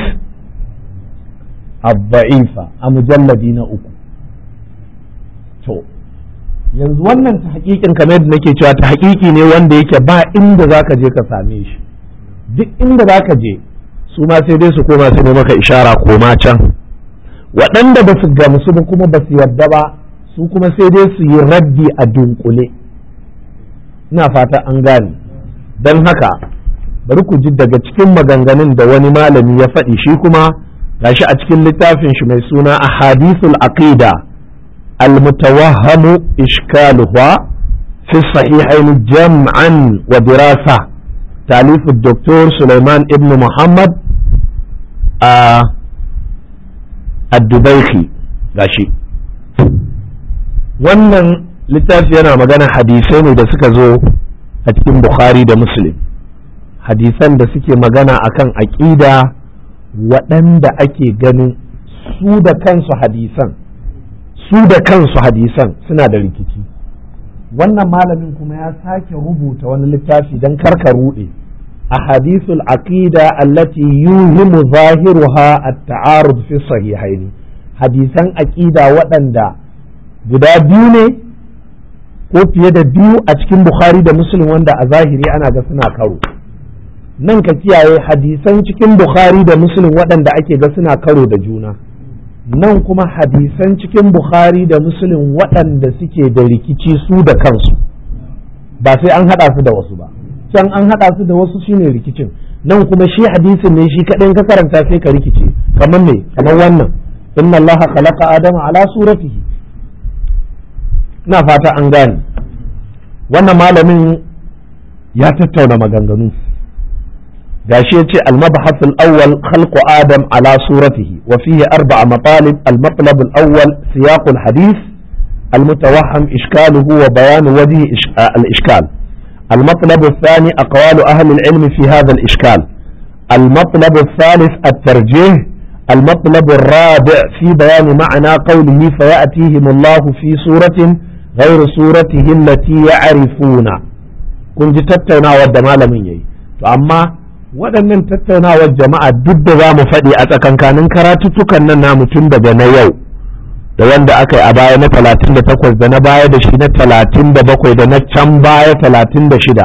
abba'ifa a mujalladi na uku to yanzu wannan ta hakikin kamar yadda nake cewa ta hakiki ne wanda yake ba inda za ka je ka same shi duk inda za je su ma sai dai su koma su ne maka ishara koma can waɗanda ba su gamsu ba kuma ba su yarda ba su kuma sai dai su yi raddi a dunkule ina fata an gane don haka bari ku ji daga cikin maganganun da wani malami ya faɗi shi kuma gashi a cikin littafin shi mai suna a hadisul aqida al-mutawahhamu ishkaluha fi sahihain jam'an wa dirasa تأليف ibnu muhammad ابن محمد gashi wannan littafi yana magana hadisai ne da suka zo a cikin bukhari da muslim hadisan da suke magana akan aƙida waɗanda ake ganin su da kansu hadisan su da kansu hadisan suna da rikici wannan malamin kuma ya sake rubuta wani littafi don karka ruɗe a hadisul aqida allati yuhimu zahiruha at-ta'arud fi hadisan aqida waɗanda guda biyu ne ko fiye da biyu a cikin bukhari da muslim wanda a zahiri ana ga suna karo nan ka kiyaye hadisan cikin bukhari da muslim waɗanda ake ga suna karo da juna nan kuma hadisan cikin bukhari da muslim waɗanda suke da rikici su da kansu ba sai an haɗa su da wasu ba can an haɗa su da wasu shine rikicin nan kuma shi hadisin ne shi kaɗan ka karanta sai ka rikice kamar me kamar wannan inna allaha khalaqa adama ala suratihi na fata an gane wannan malamin ya tattauna maganganu gashi ya ce al-mabhath al-awwal khalqu adam ala suratihi wa fihi arba'a matalib al-matlab al-awwal siyaq al-hadith المتوهم إشكاله وبيان وجه آه، الإشكال المطلب الثاني أقوال أهل العلم في هذا الإشكال المطلب الثالث الترجيح المطلب الرابع في بيان معنى قوله فيأتيهم الله في سورة غير سورته التي يعرفون kun ji tattaunawa da malamin yayi to amma waɗannan tattaunawar jama'a duk da za mu faɗi a tsakankanin karatuttukan nan namu tun daga na yau da wanda aka yi a baya na talatin da takwas da na baya da shi na talatin da bakwai da na can baya talatin da shida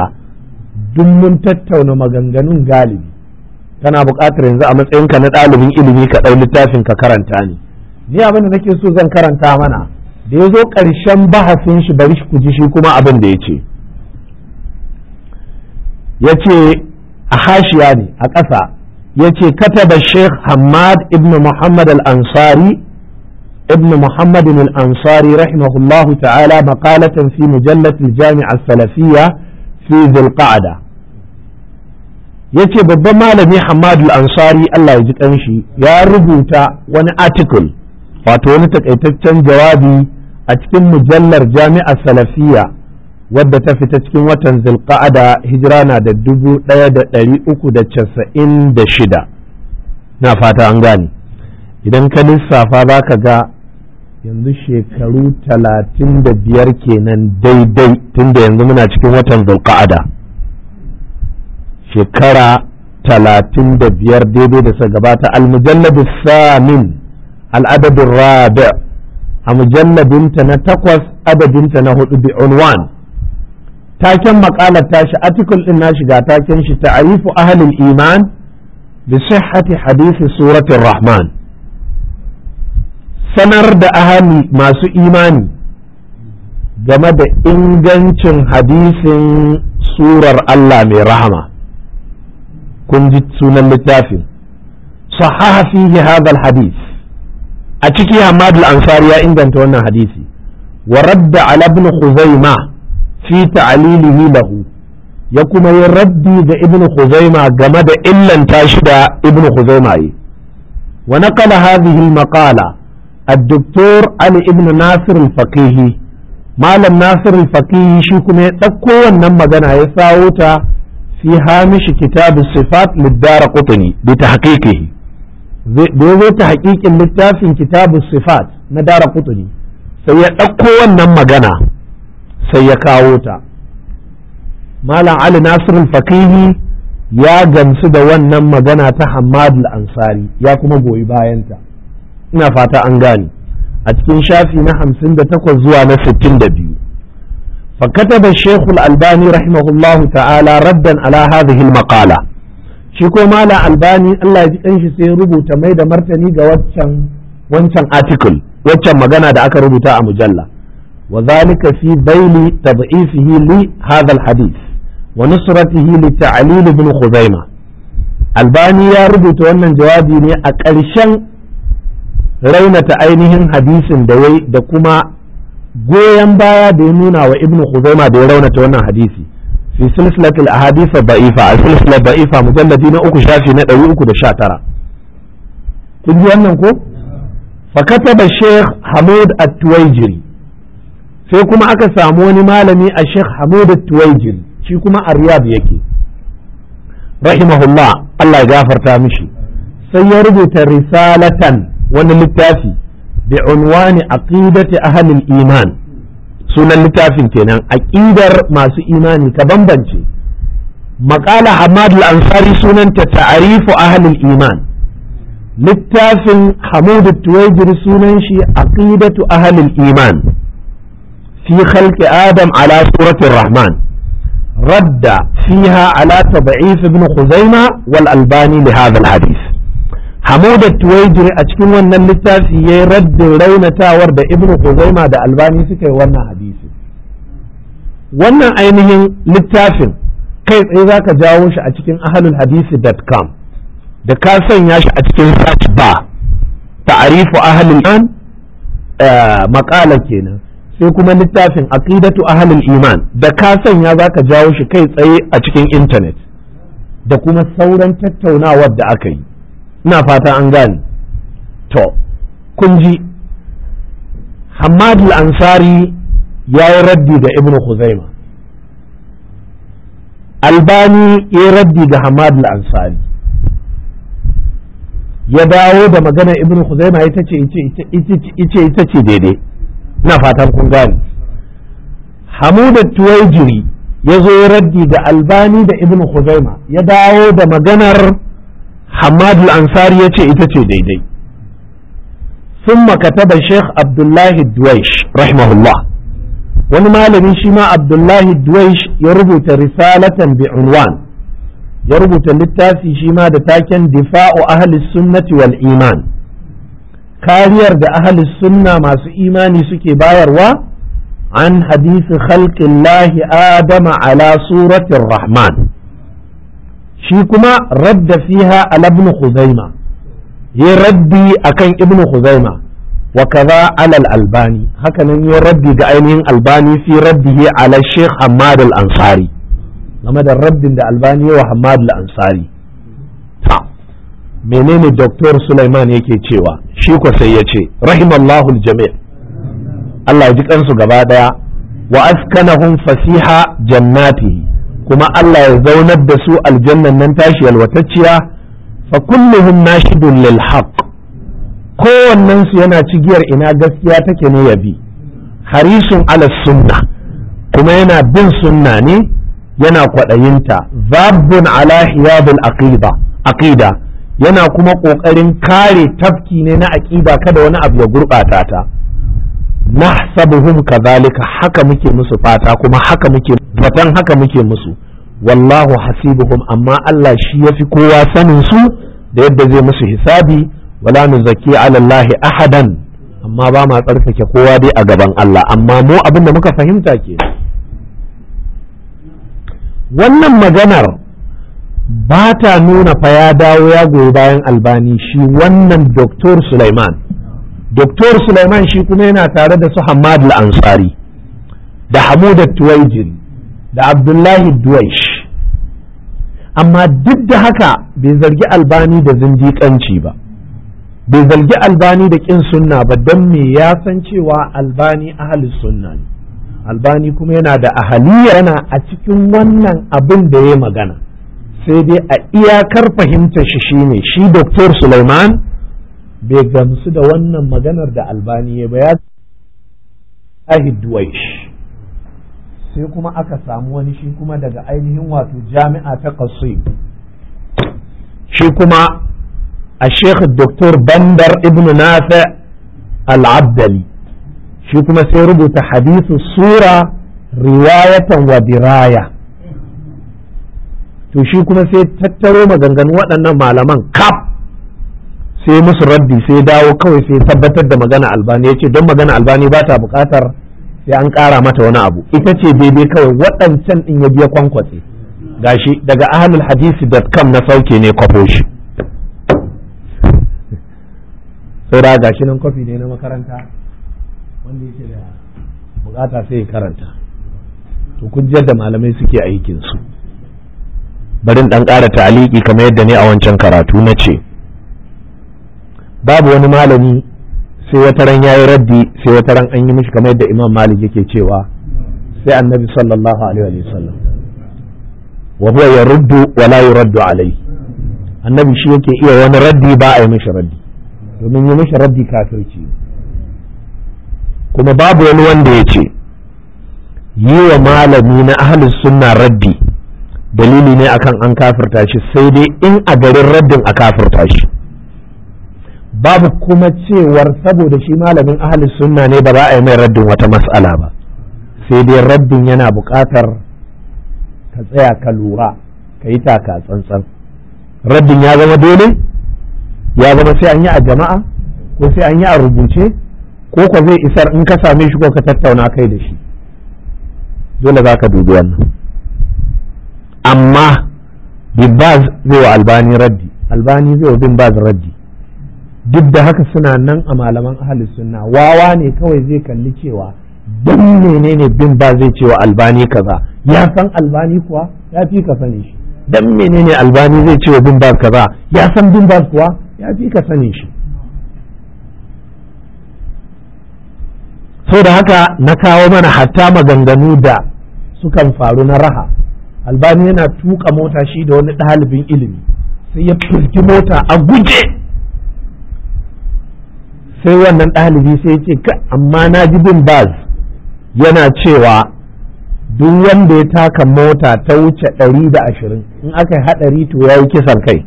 duk mun tattauna maganganun galibi Tana buƙatar yanzu a matsayinka na ɗalibin ilimi ka ɗau littafin ka karanta ni ni abin da nake so zan karanta mana da ya zo ƙarshen bahasin shi bari ku ji shi kuma abin da ya ce ya ce a hashiya ne a ƙasa ya ce kataba sheikh hamad ibn muhammad al-ansari ibn muhammad al-ansari rahimahullahu ta'ala maqalatan fi mujallat al-jami' salafiyya fi dhil qa'da yace babban malami hamad al-ansari Allah ya ji kanshi ya rubuta wani article wato wani takaitaccen jawabi a cikin mujallar jami'ar salafiyya wadda ta fita cikin watan zulqa'ada hijira na da dubu ɗaya da ɗari uku da casa'in da shida na fata an gane idan ka lissafa za ka ga yanzu shekaru talatin da biyar kenan daidai tunda yanzu muna cikin watan zulqa'ada shekara talatin da biyar daidai da sa gabata almujalladu samin al'adadin rabi a mujallabinta na takwas adadinta na hudu bi taken makalar tashi article din nashi ga taken shi ta'arifu ahlul iman bi sihhati hadisi suratul rahman sanar da ahli masu imani game da ingancin hadisin surar Allah mai rahama kun ji sunan littafin sahaha fihi hadha hadis a ciki Hamad al-Ansari ya inganta wannan hadisi wa radda ala ibn Khuzaimah fi ta'alilihi lahu ya kuma yi rabbi da ibnu Khuzaima game da illan shi da ibnu Khuzaima yi wa naqala hadhihi al-maqala الدكتور علي ابن ناصر الفقيهي malam nasir faqihi shi kuma ya dauko wannan magana ya sawo ta fi hamishi kitabu sifat bi ta haƙiƙihi ta littafin kitabu sifat na dara kutuni sai ya ɗauko wannan magana sai ya kawo ta malam ali nasir fakihi ya gamsu da wannan magana ta hamad ansari ya kuma goyi bayanta ina fata an gane a cikin shafi na hamsin da takwas zuwa na sittin da biyu فكتب الشيخ albani رحمه ta'ala تعالى ردا على هذه المقالة shi ko mala albani Allah ya ji kanshi sai rubuta mai da martani ga wancan article waccan magana da aka rubuta a mujalla wa zalika fi baili tad'ifihi li hadha alhadith wa nusratihi li ta'lil ibn khuzaimah albani ya rubuta wannan jawabi ne a ƙarshen raunata ainihin hadisin da yayi da kuma goyon baya da ya nuna wa ibn khuzaima da ya raunata wannan hadisi fi silsilatul ahadith da'ifa a silsilar da'ifa mujalladi na uku shafi na ɗari uku da sha tara kun ji wannan ko fa kataba sheikh hamud at-tuwaijiri sai kuma aka samu wani malami a Sheikh Hamid Tuwaijin shi kuma a Riyadh yake rahimahullah Allah ya gafarta mishi sai ya rubuta risalatan wani littafi bi unwani aqidati ahlil iman sunan littafin kenan aqidar masu imani ka bambance مقالة حماد الأنصاري سنن تعريف أهل iman littafin حمود التويجر sunan shi عقيدة أهل iman. fi khalqi adam ala suratir rahman radda fiha ala tad'if ibn khuzaima wal albani li hadha al hadith hamuda tuwaijiri a cikin wannan littafi yayi raddin raunatawar da ibnu khuzaima da albani suka wannan hadisi wannan ainihin littafin kai tsaye zaka jawo shi a cikin ahlul hadisi.com da ka sanya shi a cikin search bar ta'arifu ahlul an makala kenan sai kuma littafin a halin iman da ka sanya zaka jawo shi kai tsaye a cikin intanet da kuma sauran tattaunawar da aka yi ina fata an gane to kun ji Hamad ansari ya yi raddi ga Ibn Khuzaima Albani ya yi raddi ga Hamad ansari ya dawo da magana Ibnu Khuzaima ita ce ita ce daidai na fatan kun gane hamuda tuwaijiri ya zo raddi da albani da ibn khuzaima ya dawo da maganar hamad al-ansari ya ce ita ce daidai ثم كتب abdullahi عبد الله الدويش wani malami shi ma abdullahi duwaish ya rubuta risalatan bi unwan ya rubuta littafi shi ma da taken difa'u ahli sunnati wal iman kariyar da ahalis sunna masu imani suke bayarwa an hadisi khalqillahi adama ala suratin rahman shi kuma radda fiha ala ibn khuzaima ya raddi akan ibn khuzaima wa kaza ala albani hakanan ya raddi ga ainihin albani fi raddihi ala sheikh hamad al ansari game da raddin da albani wa hamad al ansari menene Dr. Sulaiman yake cewa shi sai ya ce rahimallahu aljami' Allah ya ji kansu gaba daya wa askanahum fasiha jannatihi kuma Allah ya zaunar da su aljannan nan tashi alwatacciya. fa kulluhum nashidun lil haqq kowannen su yana cigiyar ina gaskiya take ne yabi harisun ala sunna kuma yana bin sunna ne yana kwaɗayinta zabbun ala hiyadul aqida aqida yana kuma ƙoƙarin kare tafki ne na aƙida kada wani abu ya gurɓata ta na nahsabuhum kazalika haka muke musu fata kuma haka muke fatan haka muke musu wallahu hasibuhum amma Allah shi yafi kowa sanin su da yadda zai musu hisabi wala nuzakki ala Allah ahadan amma ba ma tsarkake kowa dai a gaban Allah amma mu abin da muka fahimta ke wannan maganar ba ta nuna fa ya dawo ya goyi bayan albani shi wannan doktor suleiman. doktor suleiman shi kuma yana tare da su Hamad al-Ansari da Hamuda Tuwaijiri da Abdullahi Duwaish amma duk da haka bai zargi albani da zindiƙanci ba bai zargi albani da ƙin sunna ba don me ya san cewa albani ahli sunna ne albani kuma yana da ahaliya yana a cikin wannan abin da ya magana sai dai a iyakar fahimtar shi shine shi doktor Suleiman. bai gamsu da wannan maganar da albani ya baya duwaish sai kuma aka samu wani shi kuma daga ainihin wato jami'a ta kasu shi kuma a sheikh Dr. bandar ibn nafi al-abdali shi kuma sai rubuta hadisu sura riwayatan wa diraya to shi kuma sai tattaro maganganu waɗannan malaman kaf sai musu raddi sai dawo kawai sai tabbatar da magana albani ya ce don magana albani ba ta buƙatar sai an ƙara mata wani abu ita ce daidai kawai waɗancan ɗin ya biya Ga gashi daga ahlulhadisi.com na sauke ne kwafo shi saura gashi nan kwafi ne makaranta wanda yake da bukata sai ya karanta to kun da malamai suke aikinsu barin ɗan ƙara ta'aliki kamar yadda ne a wancan karatu na ce babu wani malami sai wata ran yayi raddi sai wata ran an yi mishi kamar yadda imam malik yake cewa sai annabi sallallahu alaihi wa sallam wa huwa yaruddu wa la yuraddu alaihi annabi shi yake iya wani raddi ba a yi mishi raddi domin yi mishi raddi kafirci kuma babu wani wanda ya ce yi wa malami na ahlus sunna raddi dalili ne akan an kafirta shi sai dai in a garin raddin a kafirta shi babu kuma cewar saboda shi malamin ahli sunna ne ba za a yi mai raddin wata mas'ala ba sai dai raddin yana buƙatar ka tsaya ka lura ka yi taka tsantsan raddin ya zama dole ya zama sai an yi a jama'a ko sai an yi a rubuce ko ka zai isar in ka same shi ko ka tattauna kai da shi dole za ka dubi wannan amma bin zai wa albani raddi albani zai wa bin baz raddi duk da haka suna nan a malaman ahalus sunna wawa ne kawai zai kalli cewa don menene bin ba zai cewa albani kaza ya san albani kuwa ya fi ka sani shi don menene albani zai wa bin ba kaza ya san bin ba kuwa ya fi ka sani shi sau da haka na kawo mana hatta maganganu da sukan faru na raha albani yana tuka mota shi da wani ɗalibin ilimi sai ya firgi mota a guje sai wannan ɗalibi sai ce ka, amma na ji bin baz yana cewa duk wanda ya taka mota ta wuce ɗari da ashirin in aka yi haɗari to ya yi kisan kai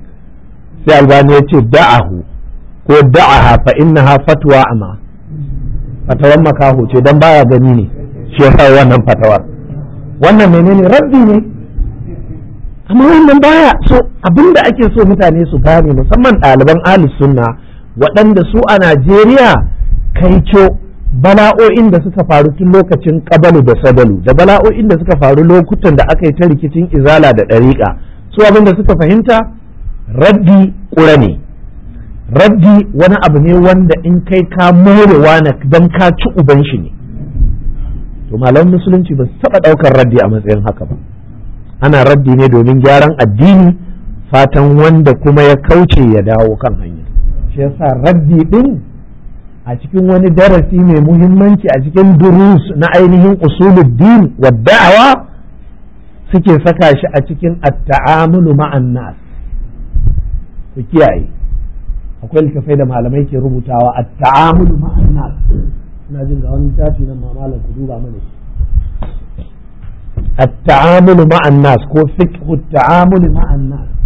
sai albani ya ce da'ahu ko da'aha fa innaha a ama fatawar makaho ce don baya gani ne shi ya wannan fatawar wannan menene rabbi ne amma wannan baya so abinda ake so mutane su gane musamman ɗaliban ahlus sunna waɗanda su a Najeriya kai bala'o'in da suka faru tun lokacin kabalu da sadalu da bala'o'in da suka faru lokutan da aka yi ta rikicin izala da ɗariƙa su abin da suka fahimta raddi ƙura ne raddi wani abu ne wanda in kai ka more na don ka ci uban shi ne to malaman musulunci ba su taɓa ɗaukar raddi a matsayin haka ba ana raddi ne domin gyaran addini fatan wanda kuma ya kauce ya dawo kan hanya shi yasa raddi din a cikin wani darasi mai muhimmanci a cikin durus na ainihin usuluddin wa da'awa suke saka shi a cikin at-ta'amulu ma'an nas ku kiyaye akwai littafai da malamai ke rubutawa at-ta'amulu ma'an nas ina jin ga wani tafi nan ku duba mana shi التعامل مع الناس هو فقه التعامل مع الناس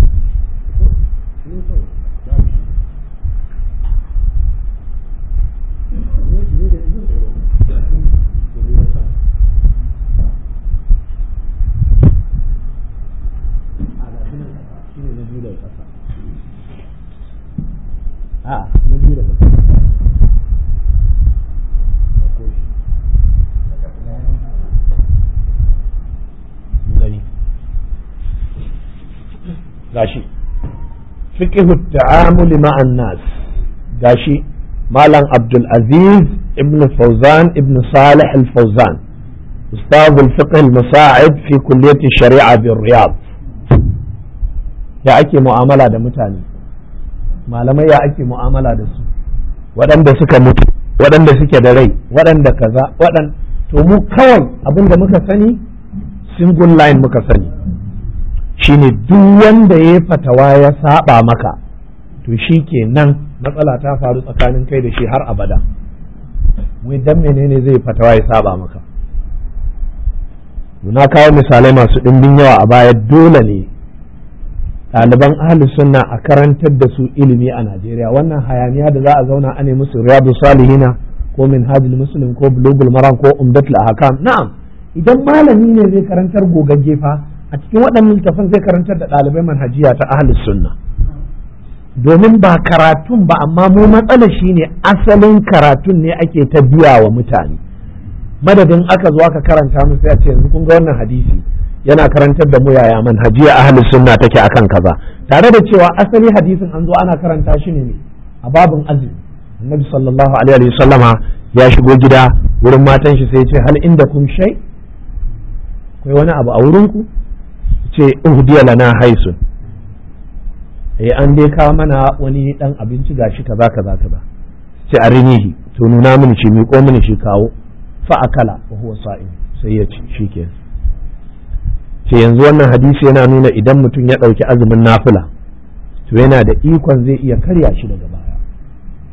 Ah. gashi fiqhu ta'amuli ma'an nas gashi malam abdul aziz ibn fawzan ibn salih al fawzan استاذ الفقه المساعد في كلية الشريعة بالرياض يا أكي معاملة دا متاني ما لما يا أكي معاملة دا سو ودن دا سكا متو ودن دا سكا دا ري to mu kawai abinda muka sani single line muka sani shine duk wanda ya fatawa ya saba maka to shi kenan matsala ta faru tsakanin kai da shi har abada wai dan menene zai fatawa ya saba maka na kawo misalai masu ɗimbin yawa a baya dole ne ɗaliban ahli sunna a karantar da su ilimi a najeriya wannan hayaniya da za a zauna ana musu riyadu salihina ko min hajjil muslim ko bulugul maran ko umdatul ahkam na'am idan malami ne zai karantar gogagge fa a cikin waɗannan littafin zai karantar da ɗalibai manhajiya ta ahli sunna domin ba karatun ba amma mu matsala shine asalin karatun ne ake ta biya wa mutane madadin aka zo aka karanta musu ya ce yanzu kun ga wannan hadisi yana karantar da mu yaya manhajiya ahli sunna take akan kaza tare da cewa asali hadisin an zo ana karanta shi ne a babin azumi annabi sallallahu alaihi wa sallama ya shigo gida wurin matan shi sai ya ce hal inda kun shay akwai wani abu a wurinku ce uhdiya lana haisun eh an dai ka mana wani dan abinci ga gashi kaza kaza kaza ce arinihi to nuna mini shi miƙo mini shi kawo fa akala wa huwa sa'im sai ya ci shikenan ce yanzu wannan hadisi yana nuna idan mutum ya ɗauki azumin nafila to yana da ikon zai iya karya shi daga baya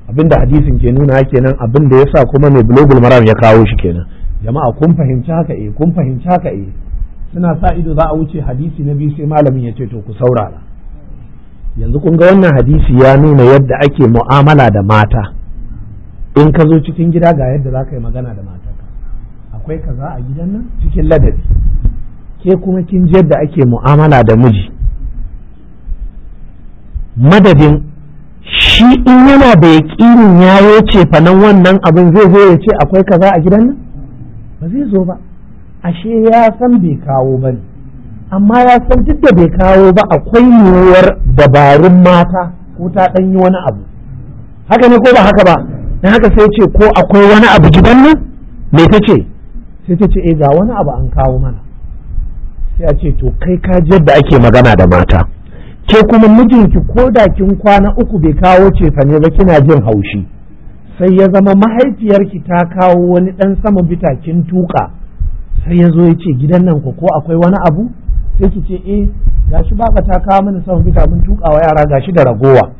abinda hadisin ke nuna kenan abin da yasa kuma mai bulogul maram ya kawo shi kenan jama'a kun fahimci haka eh kun fahimci haka eh suna sa ido za a wuce hadisi na biyu sai malamin ya ce to ku saurara yanzu kun ga wannan hadisi ya nuna yadda ake mu'amala da mata in ka zo cikin gida ga yadda za ka yi magana da mata akwai kaza a gidan nan cikin ladabi ke kuma kin ji yadda ake mu'amala da miji madadin shi in yana da yaƙinin yayo ce nan wannan abin zai zo ya ce akwai kaza a gidan nan ba zai zo ba ashe ya san bai kawo ba ne amma ya san duk da bai kawo ba akwai yiwuwar dabarun mata ko ta ɗan yi wani abu haka ne ko ba haka ba dan haka sai ce ko akwai wani abu gidan nan me ta ce sai ta ce eh ga wani abu an kawo mana sai a ce to kai ka ji yadda ake magana da mata ke kuma mijinki ko da kin kwana uku bai kawo ne ba kina jin haushi sai ya zama mahaifiyarki ta kawo wani ɗan sama bita kin tuka sai ya zo ya ce gidan nan ko akwai wani abu sai ki ce eh gashi baka ta kawo mini son bita mun tukawa yara gashi da ragowa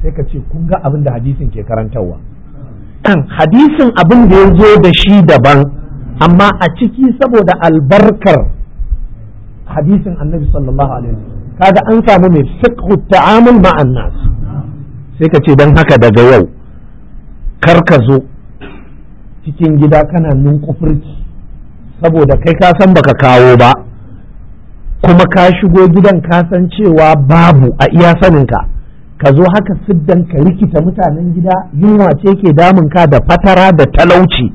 sai ka ce kun ga abin da hadisin ke karantarwa hadisin abin da ya zo da shi daban amma a ciki saboda albarkar hadisin annabi sallallahu alaihi wasallam kaga an samu mai fiqhu ta'amul ma'an nas sai ka ce dan haka daga yau kar ka zo cikin gida kana nunkufurci saboda kai ka san baka kawo ba kuma ka shigo gidan ka san cewa babu a iya saninka ka zo haka siddan ka rikita mutanen gida yunwa ce ke damun ka da fatara da talauci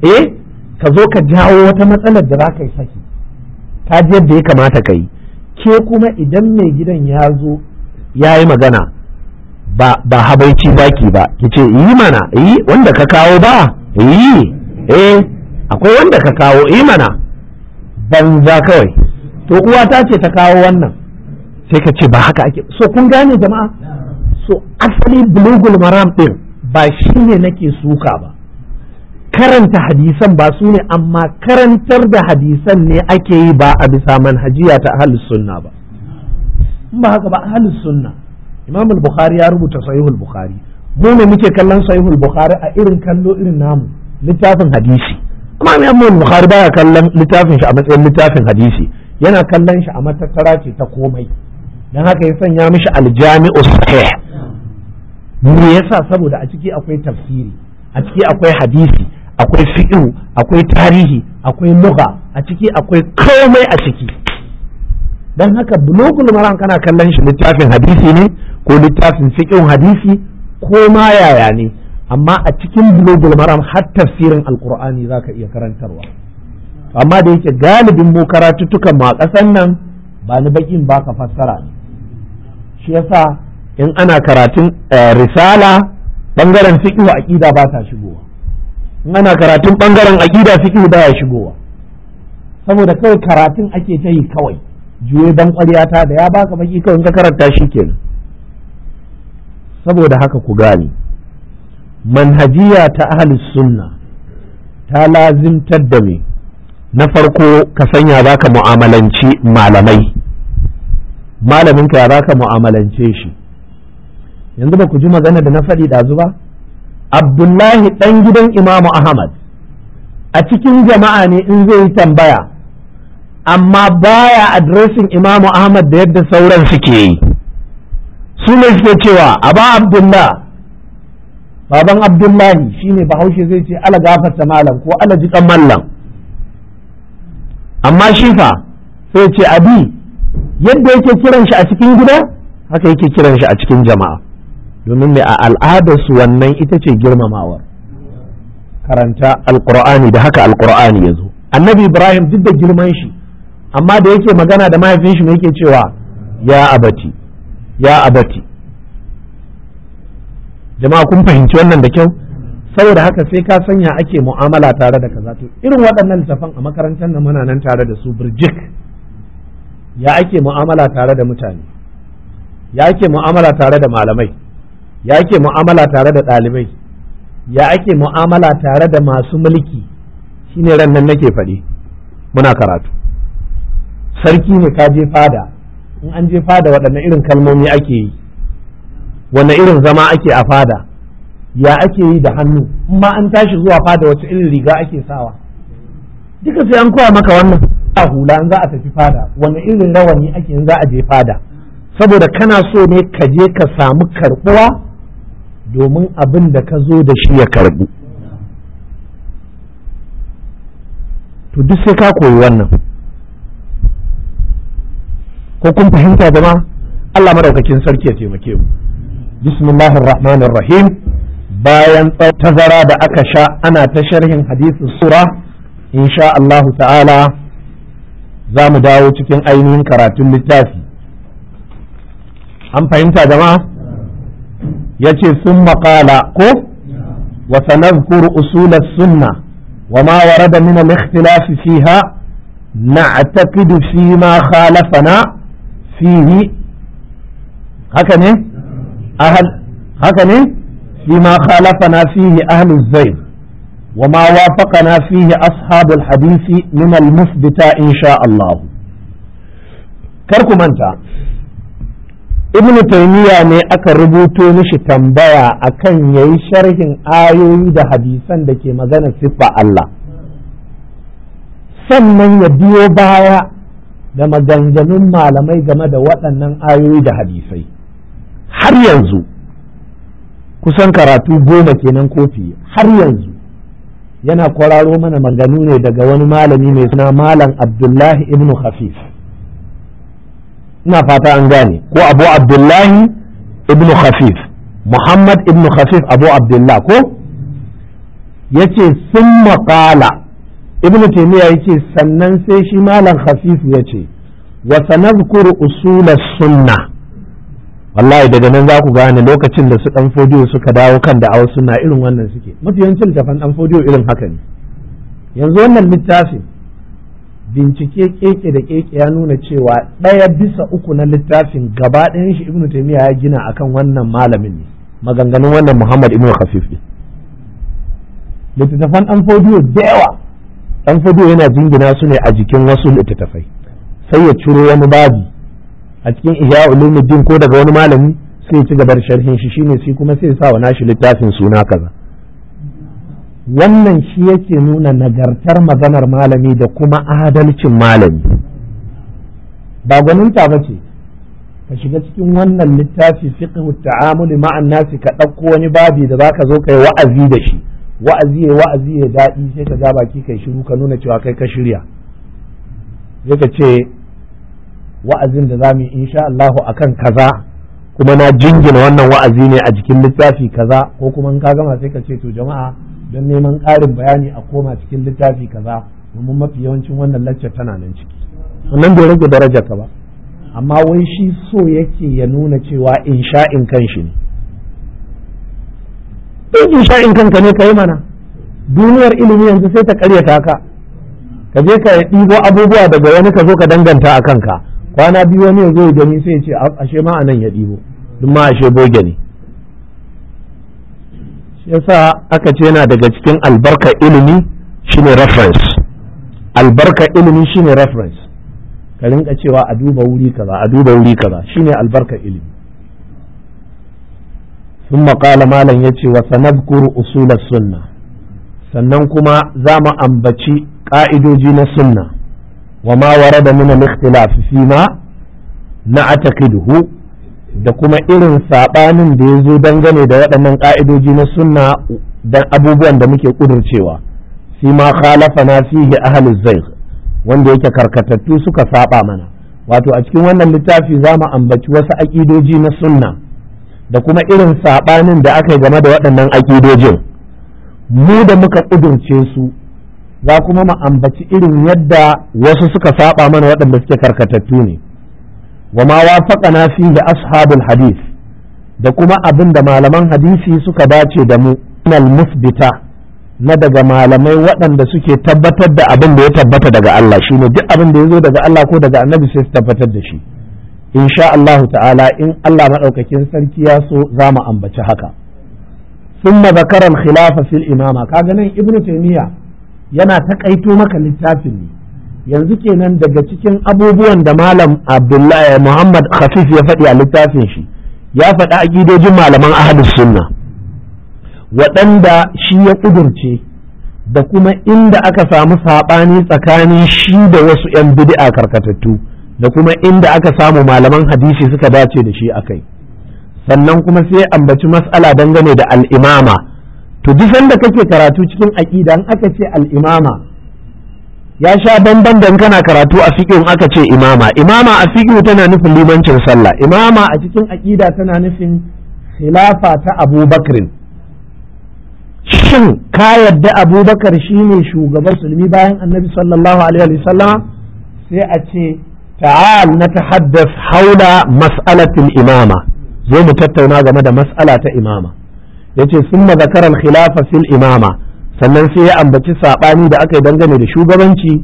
eh ka zo ka jawo wata matsalar da za ka yi saki ka ji yadda ya kamata ka yi ke kuma idan mai gidan ya zo ya yi magana ba ba habaici zaki ba ki ce yi mana yi wanda ka kawo ba yi eh akwai wanda ka kawo imana banza kawai to uwa ta ce ta kawo wannan sai ka ce ba haka ake so kun gane jama'a so asali bulugul maram din ba shine ne nake suka ba karanta hadisan ba su ne amma karantar da hadisan ne ake yi ba a bisa manhajiya ta ahlus sunna ba in ba haka ba ahlus sunna imam al-bukhari ya rubuta sahihul bukhari mu ne muke kallon sahihul bukhari a irin kallo irin namu littafin hadisi imam amma bukhari baya kallon littafin shi a matsayin littafin hadisi yana kallon shi a matattara ce ta komai dan haka ya sanya mishi aljami'u sahih me yasa saboda a ciki akwai tafsiri a ciki akwai hadisi akwai fiqh akwai tarihi akwai lugha a ciki akwai komai a ciki dan haka bulugul maran kana kallon shi littafin hadisi ne ko littafin fiqh hadisi ko ma yaya ne amma a cikin bulogul maram har tafsirin alkur'ani za ka iya karantarwa amma da yake galibin mu tuka ma ƙasan nan ba ni bakin ba ka fassara ne shi yasa in ana karatun eh, risala bangaren fiqh aqida ba ta shigowa in ana karatun bangaren aqida fiqh ba ya shigowa saboda kai karatun ake ta yi kawai juye ban ta da ya baka baki kawai ka karanta shi kenan saboda haka ku gane manhajiya ta ahlus sunna ta lazimtar da me na farko ka sanya za ka mu'amalanci malamai malaminka ya za ka mu'amalance shi yanzu ba ku ji magana da na faɗi ɗazu ba abdullahi ɗan gidan imamu ahmad a cikin jama'a ne in zai yi tambaya amma baya adresin imamu ahmad da yadda sauran suke yi su ne suke cewa aba Abdullahi? baban abdullahi shine bahaushe zai ce ala ta malam ko ala jikan mallam amma shifa sai ce abi yadda yake kiran shi a cikin gida haka yake kiran shi a cikin jama'a domin mai a al'adarsu wannan ita ce girmamawar karanta alkur'ani da haka alkur'ani ya zo annabi ibrahim duk da girman shi amma da yake magana da mahaifin shi yake cewa ya abati ya abati jama'a kun fahimci wannan da kyau saboda haka sai ka sanya ake mu'amala tare da kaza to irin waɗannan littafan a makarantar nan muna nan tare da su birjik ya ake mu'amala tare da mutane ya ake mu'amala tare da malamai ya ake mu'amala tare da ɗalibai ya ake mu'amala tare da masu mulki shine ran nan nake faɗi muna karatu sarki ne ka je fada in an je fada waɗannan irin kalmomi ake yi wani irin zama ake a fada ya ake yi da hannu ma an tashi zuwa fada wace irin riga ake sawa duka sai an koya maka wannan a hula in za a tafi fada wani irin rawani ake yin za a je fada saboda kana so ne ka je ka samu karbuwa domin abin da ka zo da shi ya karbu to duk sai ka koyi wannan ko kun fahimta jama'a Allah madaukakin sarki ya taimake mu bismillahir rahmanir rahim bayan tazara da aka sha ana ta sharhin hadisin sura insha Allah ta'ala za mu dawo cikin ainihin karatun littafi an fahimta jama'a ya ce sun maƙala ko wa sanadkur usulat sunna wa ma warada min al-ikhtilaf fiha na'taqidu fi ma khalafana fihi haka ne ahal haka ne bima khalafana fihi ahlul zayd wa ma na fihi ashabul hadisi min al musbita insha Allah kar ku manta ibnu taymiya ne aka rubuto mishi tambaya akan yayi sharhin ayoyi da hadisan da ke magana sifa Allah sannan ya biyo baya da maganganun malamai game da waɗannan ayoyi da hadisai har yanzu kusan karatu goma kenan kofi har yanzu yana kwararo mana maganu ne daga wani malami mai suna malam abdullahi ibnu khafif ina fata an gane ko abu abdullahi ibnu khafif muhammad ibnu khafif abu abdullahi ko yace sun maƙala ibnu taimiyya yace sannan sai shi malam khafif yace wa kuri usula sunnah wallahi daga nan za ku gane lokacin da su dan fodiyo suka dawo kan da awa suna irin wannan suke mafiyancin littafan dan fodiyo irin haka ne yanzu wannan littafin bincike keke da keke ya nuna cewa ɗaya bisa uku na littafin gaba ɗayan shi ibnu taymiya ya gina akan wannan malamin ne maganganun wannan muhammad ibnu khafif ne littattafan dan fodiyo da yawa dan fodiyo yana jingina su ne a jikin wasu littattafai sai ya ciro wani babi a cikin ihya ulumuddin ko daga wani malami sai ci gaba da sharhin shi shine sai kuma sai sa wa nashi littafin suna kaza wannan shi yake nuna nagartar maganar malami da kuma adalcin malami ba gwanin ba ce ka shiga cikin wannan littafi fiqhu ta'amuli ma'an nasi ka ɗauko wani babi da zaka zo kai wa'azi da shi wa'azi ya wa'azi ya daɗi sai ka ga baki kai shiru ka nuna cewa kai ka shirya sai ka ce wa'azin da za mu yi insha a kan kaza kuma na jingina wannan wa'azi ne a jikin littafi kaza ko kuma in ka gama sai ka ce to jama'a don neman ƙarin bayani a koma cikin littafi kaza domin mafi yawancin wannan laccar tana nan ciki wannan bai rage daraja ka ba amma wai shi so yake ya nuna cewa in sha'in kan shi ne in insha'in kanka ne ka yi mana duniyar ilimi yanzu sai ta karyata ka ka je ka ɗibo abubuwa daga wani ka zo ka danganta a kanka kwana biyu wani ya zo ya gani sai ya ce ashe ma anan ya ɗibo duk ma ashe boge ne shi yasa aka ce yana daga cikin albarka ilimi shine reference albarka ilimi shine reference ka rinka cewa a duba wuri kaza a duba wuri kaza shine albarka ilimi sun maƙala malam ya ce wa kuru usulas sunna sannan kuma za mu ambaci ƙa'idoji na sunna wa ma warada min al-ikhtilaf fi ma da kuma irin saɓanin da ya zo dangane da waɗannan ƙa'idoji na sunna dan abubuwan da muke ƙudurcewa shi ma khalafana fihi ahli zaigh wanda yake karkatattu suka saɓa mana wato a cikin wannan littafi za mu ambaci wasu aƙidoji na sunna da kuma irin saɓanin da aka yi game da waɗannan aƙidojin mu da muka ƙudurce su za kuma mu ambaci irin yadda wasu suka saba mana waɗanda suke karkatattu ne wa ma wafaqana fi da ashabul hadith da kuma abin da malaman hadisi suka dace da mu nal musbita na daga malamai waɗanda suke tabbatar da abin da ya tabbata daga Allah shine duk abin da ya zo daga Allah ko daga annabi sai su tabbatar da shi insha Allah ta'ala in Allah maɗaukakin sarki ya so za mu ambaci haka ثم ذكر الخلاف في الإمامة كاغنين ابن تيمية yana takaito maka littafin ne yanzu kenan daga cikin abubuwan da malam abdullahi muhammad khafif ya faɗi a littafin shi ya faɗi aƙidojin malaman ahadus sunna waɗanda shi ya ƙudurce da kuma inda aka samu saɓani tsakanin shi da wasu 'yan bid'a karkatattu da kuma inda aka samu malaman hadisi suka dace da shi akai sannan kuma sai ambaci mas'ala dangane da al'imama to duk sanda kake karatu cikin aqida in aka ce al-imama ya sha bamban dan kana karatu a fiqh in aka ce imama imama a fiqh tana nufin limancin sallah imama a cikin aqida tana nufin khilafa ta abubakar shin ka yadda abubakar shine shugaban musulmi bayan annabi sallallahu alaihi wasallama sai a ce ta'al na haula mas'alatul imama zo mu tattauna game da mas'ala ta imama yace summa zakaral khilafa fil imama sannan sai ya ambaci sabani da aka yi dangane da shugabanci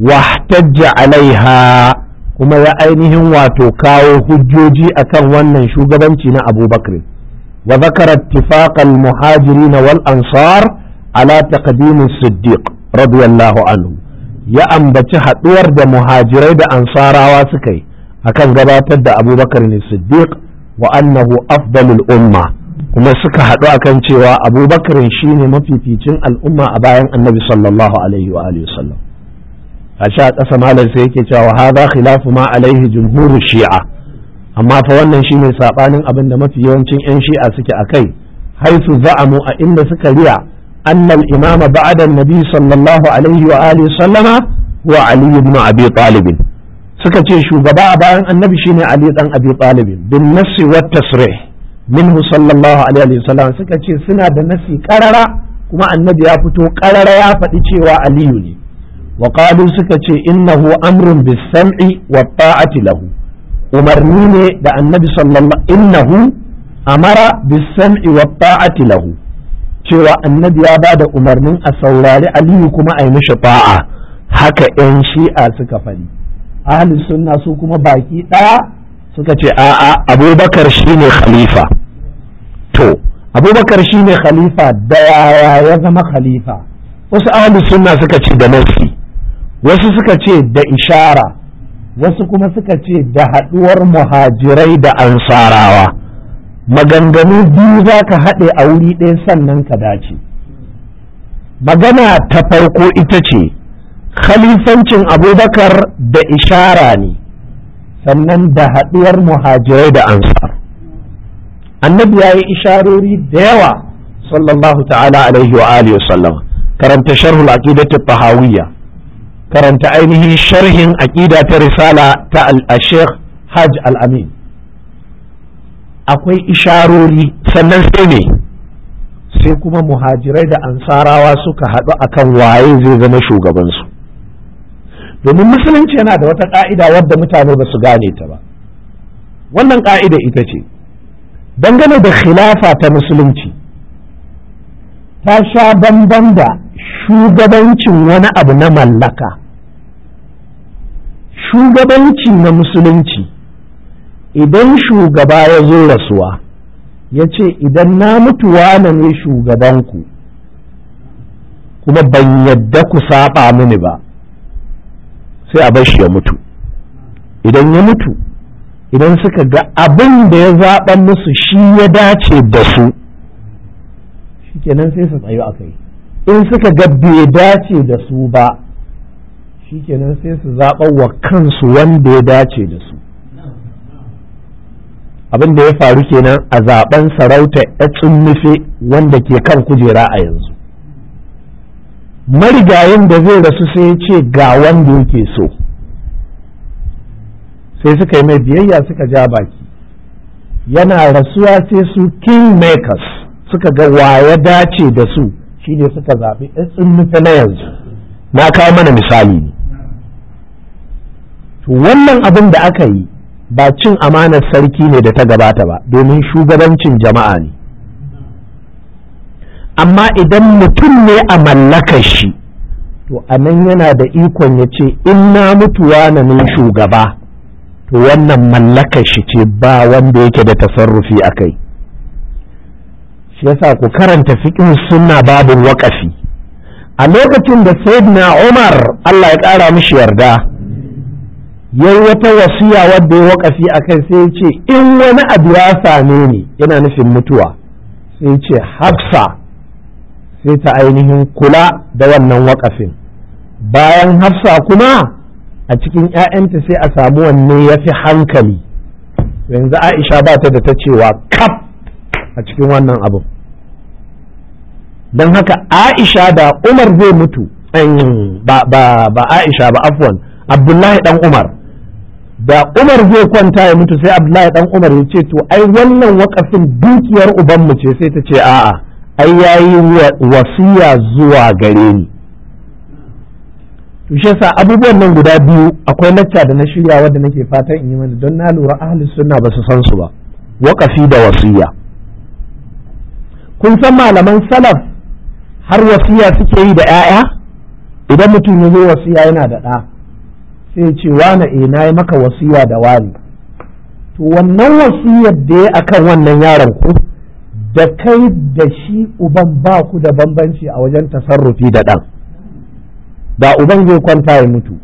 wahtajja alaiha kuma ya ainihin wato kawo hujjoji akan wannan shugabanci na abubakar wa zakara ittifaqal muhajirin wal ansar ala taqdim siddiq radiyallahu anhu ya ambaci haduwar da muhajirai da ansarawa suka yi akan gabatar da abubakar ne siddiq wa annahu afdalul umma kuma suka haɗu akan cewa abubakar shi ne mafificin al'umma a bayan annabi sallallahu alaihi wa alihi sallam a sha ƙasa malar sai yake cewa hadha khilafu ma alaihi jumhuru shi'a amma fa wannan shine sabanin abin da mafi yawancin yan shi'a suke akai haisu za'amu a inda suka riya annal imama ba'da Nabi, sallallahu alaihi wa alihi sallama huwa ali ibn abi talib suka ce shugaba a bayan annabi shine ali dan abi talib bin tasrih minhu sallallahu alaihi wasallam suka ce suna da nasi karara kuma annabi ya fito karara ya faɗi cewa aliyu ne wa qalu suka ce innahu amrun bis sam'i wa ta'ati lahu umarni ne da annabi sallallahu innahu amara bis sam'i wa ta'ati lahu cewa annabi ya ba da umarnin a saurari aliyu kuma a yi mishi fa'a haka 'yan shi'a suka faɗi ahli sunna su kuma baki ɗaya suka ce a'a abubakar shine khalifa to abubakar shine khalifa da yaya ya zama khalifa wasu ahli suna suka ce da nafsi wasu suka ce da ishara wasu kuma suka ce da haɗuwar muhajirai da ansarawa maganganu biyu za ka haɗe a wuri ɗaya sannan ka dace magana ta farko ita ce khalifancin abubakar da ishara ne sannan da haɗuwar muhajirai da ansar annabi ya yi isharori da yawa sallallahu ta'ala alaihi wa alihi sallama karanta sharhul aqidatu tahawiyya karanta ainihin sharhin aqida ta risala ta al-sheikh hajj al-amin akwai isharori sannan sai ne sai kuma muhajirai da ansarawa suka haɗu akan waye zai zama shugabansu domin musulunci yana da wata ƙa'ida wadda mutane ba su gane ta ba wannan ƙa'ida ita ce dangane da khilafa ta musulunci ta sha bamban da shugabancin wani abu na mallaka shugabanci na musulunci idan shugaba ya zo rasuwa ya ce idan na mutuwa na ne shugabanku kuma ban yadda ku saba mini ba sai a bar shi ya mutu idan ya mutu idan suka ga abin da ya zaɓa musu shi ya dace da su shikenan sai su tsayu a kai in suka ga bai dace da su ba shikenan sai su zaɓa wa kansu wanda ya dace da su abin da ya faru kenan a zaben sarauta ya tsunnufe wanda ke kan kujera a yanzu marigayin da zai rasu sai ya ce ga wanda yake so sai suka yi mai biyayya suka ja baki yana rasuwa sai su kingmakers suka ga waya dace da su shine suka zaɓi in nufi na yanzu na kawo mana misali ne wannan abin da aka yi ba cin amanar sarki ne da ta gabata ba domin shugabancin jama'a ne amma idan mutum ne a mallakar shi to anan yana da ikon ya ce in na mutuwa na nan shugaba to wannan mallakar shi ce ba wanda yake da tasarrufi a kai shi yasa ku karanta fiƙin sunna babin waƙafi a lokacin da sayyidina umar allah ya ƙara mishi yarda yayi wata wasiya wadda ya waƙafi a sai ya ce in wani abu ya same ni yana nufin mutuwa sai ya ce hafsa sai ta ainihin kula da wannan wakafin, bayan hafsa kuma a cikin 'ya'yanta sai a samu wanne ya fi hankali yanzu aisha ba ta da ta cewa kaf a cikin wannan abin don haka aisha da umar zai mutu ba, ba aisha ba afwan abdullahi dan umar da umar zai kwanta ya mutu sai abdullahi dan umar ya ce to ai wannan wakafin dukiyar ubanmu ce sai ta ce a'a ai yayi wasiya zuwa gare ni to abubuwan nan guda biyu akwai lacca da na shirya wadda nake fatan in yi mana don na lura ahlus sunna ba su san su ba waqafi da wasiya kun san malaman salaf har wasiya suke yi da 'ya'ya idan mutum ya zo wasiya yana da ɗa sai ce wani e eh, na yi maka wasiya da wani to wannan wasiyar da ya akan wannan yaron ku da kai da shi uban ba ku da bambanci a wajen tasarrufi da ɗan da uban zai kwanta ya mutu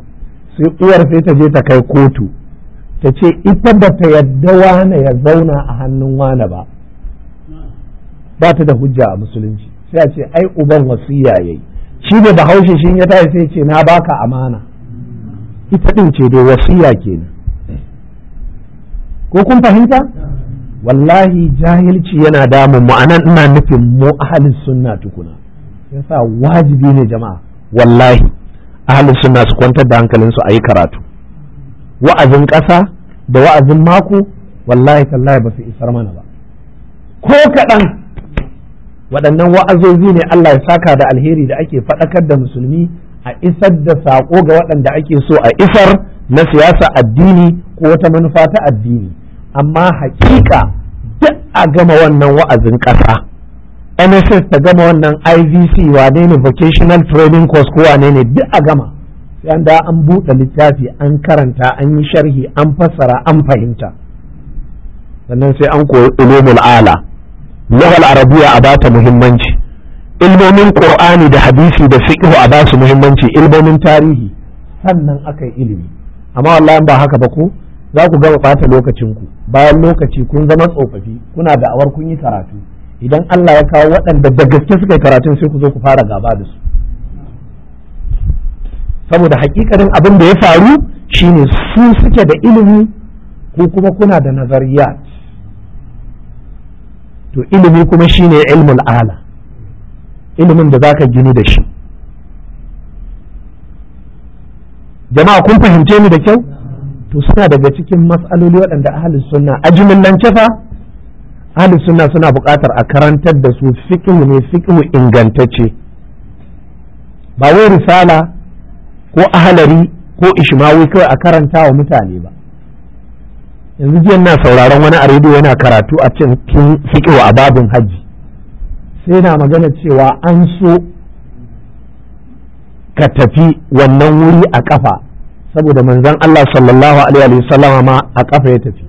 sai uwar sai ta je ta kai kotu ta ce ita ba ta yadda wane ya zauna a hannun wane ba ba ta da hujja a musulunci sai a ce ai uban wasu yayi shi ne bahaushe shi ya tashi sai ce na baka amana ita ɗin ce dai wasiya kenan ko kun fahimta wallahi jahilci yana damun mu anan ina nufin mu ahalin sunna tukuna yasa wajibi ne jama'a wallahi ahalin sunna su kwantar da hankalinsu a yi karatu wa'azin ƙasa da wa'azin mako wallahi tallahi ba su isar mana ba ko kaɗan waɗannan wa'azozi ne Allah ya saka da alheri da ake faɗakar da musulmi a isar da saƙo ga waɗanda ake so a isar na siyasa addini ko wata manufa ta addini amma hakika duk a gama wannan wa'azin ƙasa nss ta gama wannan ivc wane ne vocational training course ko wane ne duk a gama sai da an buɗe littafi an karanta an yi sharhi an fassara an fahimta sannan sai an koyi ilmul'ala. ala lughal arabiya a bata muhimmanci ilmomin qur'ani da hadisi da fiqh a basu muhimmanci ilmomin tarihi sannan aka yi ilimi amma wallahi ba haka ba ku? za ku gama ɓata lokacin ku bayan lokaci kun zama tsofaffi kuna da'awar kun yi karatu idan Allah ya kawo waɗanda da gaske suka yi karatun sai ku zo ku fara gaba da su saboda hakikarin abin da ya faru shine su suke da ilimi ko kuma kuna da nazariya to ilimi kuma shine ilmul ala ilimin da zaka gini da shi jama'a kun fahimce ni da kyau to suna daga cikin matsaloli waɗanda ahalin sunna a jimillance fa ahalin sunna suna buƙatar a karantar da su fikihu ne fikihu ingantacce ba wai risala ko ahalari ko ishmawi kawai a karanta wa mutane ba yanzu jiya na sauraron wani a rediyo yana karatu a cikin fikihu a babin hajji sai na magana cewa an so ka tafi wannan wuri a ƙafa. saboda manzan Allah sallallahu alaihi wasallama ma a kafa ya tafi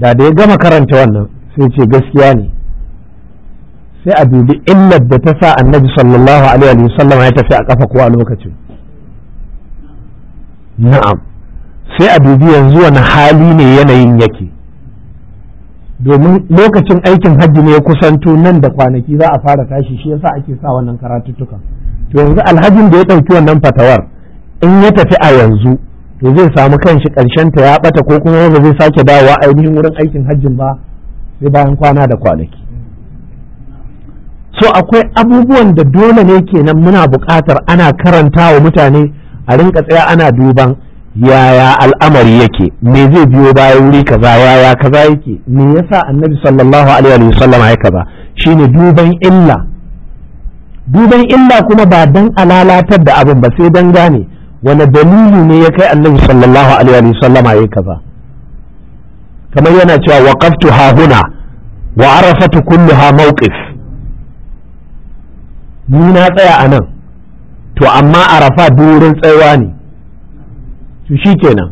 da da ya gama karanta wannan sai ce gaskiya ne sai a dubi illar da ta sa annabi sallallahu alaihi wasallama ya tafi a kafa ko lokacin na'am sai a dubi yanzu wani hali ne yanayin yake domin lokacin aikin hajji ne ya kusanto nan da kwanaki za a fara tashi shi yasa ake sa wannan karatuttukan to yanzu alhajin da ya ɗauki wannan fatawar in ya tafi a yanzu to zai samu kanshi ƙarshen ta ya ɓata ko kuma wanda zai sake dawowa ainihin wurin aikin hajjin ba sai bayan kwana da kwanaki so akwai abubuwan da dole ne kenan muna buƙatar ana karanta wa mutane a rinka tsaya ana duban yaya al'amari yake me zai biyo baya wuri kaza yaya kaza yake me yasa annabi sallallahu alaihi wa sallam ya kaza shine duban illa duban illa kuma ba dan alalatar da abin ba sai dan gane wani dalili ne ya kai annabi sallallahu alaihi wa sallama kaza kamar yana cewa waqaftu ha huna wa arafatu kulluha mawqif ni na tsaya anan, to amma arafa durin tsayawa ne to shikenan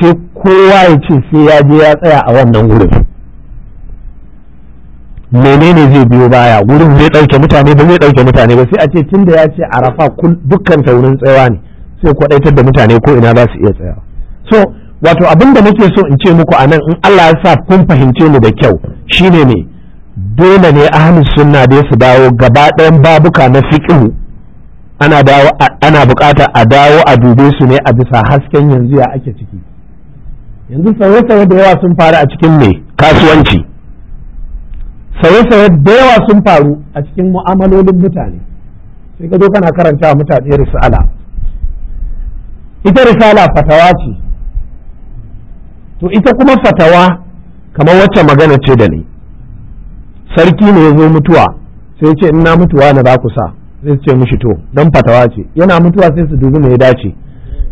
sai kowa ya ce sai ya je ya tsaya a wannan wurin menene zai biyo baya wurin zai ɗauke mutane ba zai ɗauke mutane ba sai a ce tun ya ce arafa dukkan ta wurin tsayawa ne sai kwadaitar da mutane ko ina za su iya tsaya so wato abin da nake so in ce muku a nan in Allah ya sa kun fahimce ni da kyau shine ne dole ne ahlus sunna da su dawo gaba ɗayan babuka na fiqh ana dawo bukata a dawo a dube su ne a bisa hasken yanzu ya ake ciki yanzu sauye-sauye da yawa sun faru a cikin me kasuwanci sauye-sauye da yawa sun faru a cikin mu'amalolin mutane sai ka zo kana karanta mutane risala ita risala fatawa ce to ita kuma fatawa kamar wacce magana ce da ni sarki ne ya zo mutuwa sai ce ina mutuwa na za ku sa sai ce mushi to don fatawa ce yana mutuwa sai su dubi me ya dace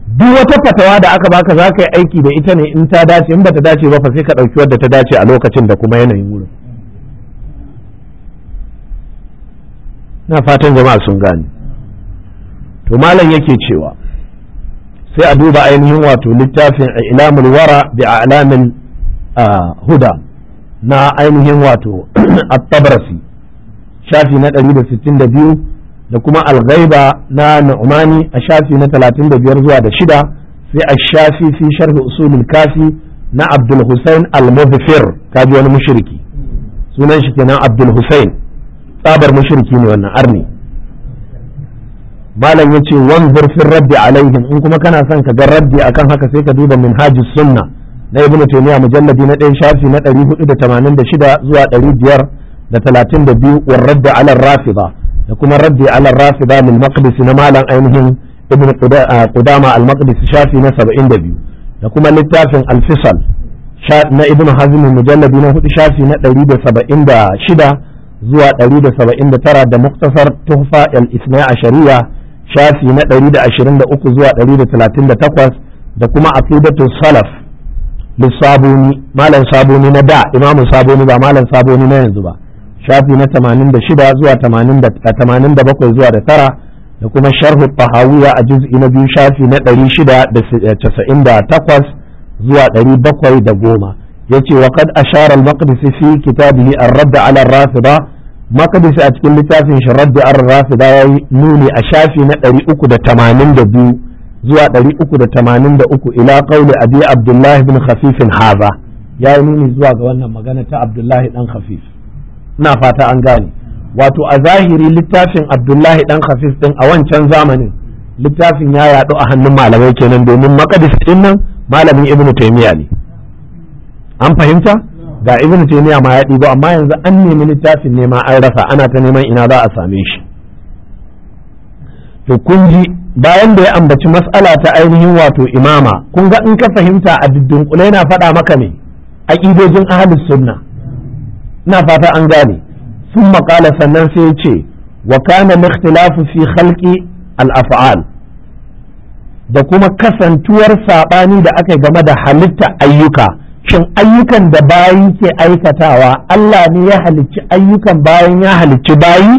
duk wata fatawa da aka baka za ka yi aiki da ita ne in ta dace in bata dace ba fa sai ka ɗauki wadda ta dace a lokacin da kuma yanayin wurin na fatan jama'a sun gane to malam yake cewa sai a duba ainihin wato littafin ilamul wara bi alamin huda na ainihin wato at-tabrasi shafi na 162 da kuma al-ghaiba na nu'mani a shafi na 35 zuwa da shida sai a shafi fi sharh usulul kafi na abdul husain al-mudhfir kaji wani mushriki sunan shi kenan abdul husain tsabar mushriki ne wannan arni malam ya yace wanzur zurfin rabbi alaihim in kuma kana son ka ga rabbi akan haka sai ka duba min minhajus sunna na ibnu taymiya mujalladi na 1 shafi na 486 zuwa 532 war raddi ala rafida da kuma rabbi ala rafida min maqdisi na malam ainihin ibnu qudama al maqdisi shafi na 72 da kuma littafin al fisal na ibnu hazm mujalladi na 4 shafi na 176 zuwa 179 da muktasar tuhfa al isna ashariya shafi na 123 zuwa 138 da kuma aqidatu salaf lissabuni malam saboni na da imamu saboni ba malam saboni na yanzu ba shafi na 86 zuwa 87 zuwa da tara da kuma sharhu tahawiya a juz'i na biyu shafi na 698 eh, zuwa 710 yace wa qad ashara al-maqdisi fi kitabihi ar-radd ala ar-rafida makadisi a cikin littafin shi raddu an rafida ya nuni a shafi na 382 zuwa 383 ila qauli abi abdullahi bin khafifin haza ya yi nuni zuwa ga wannan magana ta abdullahi dan khafif ina fata an gane wato a zahiri littafin abdullahi dan khafif din a wancan zamanin littafin ya yaɗu a hannun malamai kenan domin makadis din nan malamin ibnu taymiya ne an fahimta ga ibn taymiya ma ya ɗibo amma yanzu an nemi littafin nema an rasa ana ta neman ina za a same shi to kun ji bayan da ya ambaci mas'ala ta ainihin wato imama kun ga in ka fahimta a dunkule na faɗa maka ne aƙidojin ahlus sunna na fata an gane sun maƙala sannan sai ya ce wa kana ikhtilafu fi khalqi al-af'al da kuma kasantuwar saɓani da aka game da halitta ayyuka shin ayyukan da bayi ke aikatawa Allah ne ya halicci ayyukan bayan ya halicci bayi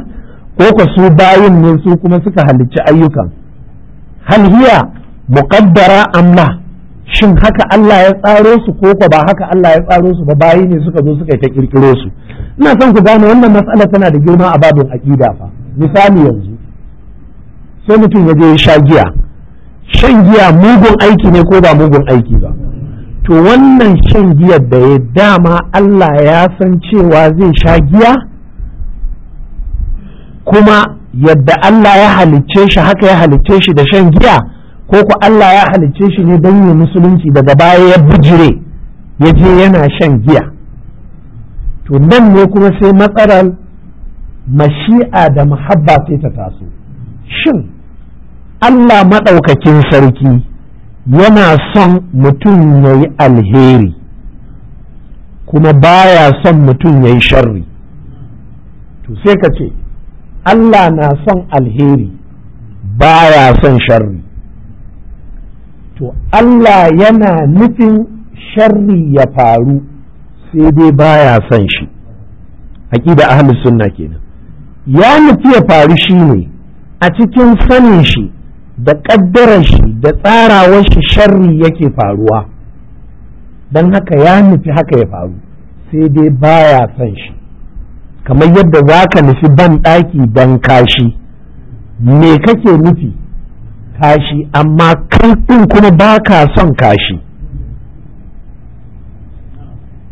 ko ka su bayin ne su kuma suka halicci ayyukan hal hiya muqaddara amma shin haka Allah ya tsaro su ko ba haka Allah ya tsaro su ba bayi ne suka zo suka yi ta kirkiro su ina son ku gane wannan mas'ala tana da girma a babin aqida fa misali yanzu sai mutum ya je ya sha giya shan giya mugun aiki ne ko ba mugun aiki ba to wannan shan giyar da ya dama Allah ya san cewa zai sha giya kuma yadda Allah ya halicce shi haka ya halicce shi da shan giya ko ku Allah ya halicce shi ne don yi musulunci daga baya ya bijire ya je yana shan giya to nan ne kuma sai matsalar mashi'a da muhabba sai ta taso shin Allah maɗaukakin sarki yana son mutum ya yi alheri kuma baya son mutum ya yi sharri to sai ka ce Allah na son alheri baya son sharri to Allah yana nufin sharri ya faru sai dai baya son shi aƙida ahlus sunna kenan ya nufi ya faru shi ne a cikin sanin shi da ƙaddarar shi da tsarawar shi sharri yake faruwa don haka ya nufi haka ya faru sai dai baya son shi kamar yadda za ka nufi ban ɗaki don kashi me kake nufi kashi amma ɗin kuma ba ka son kashi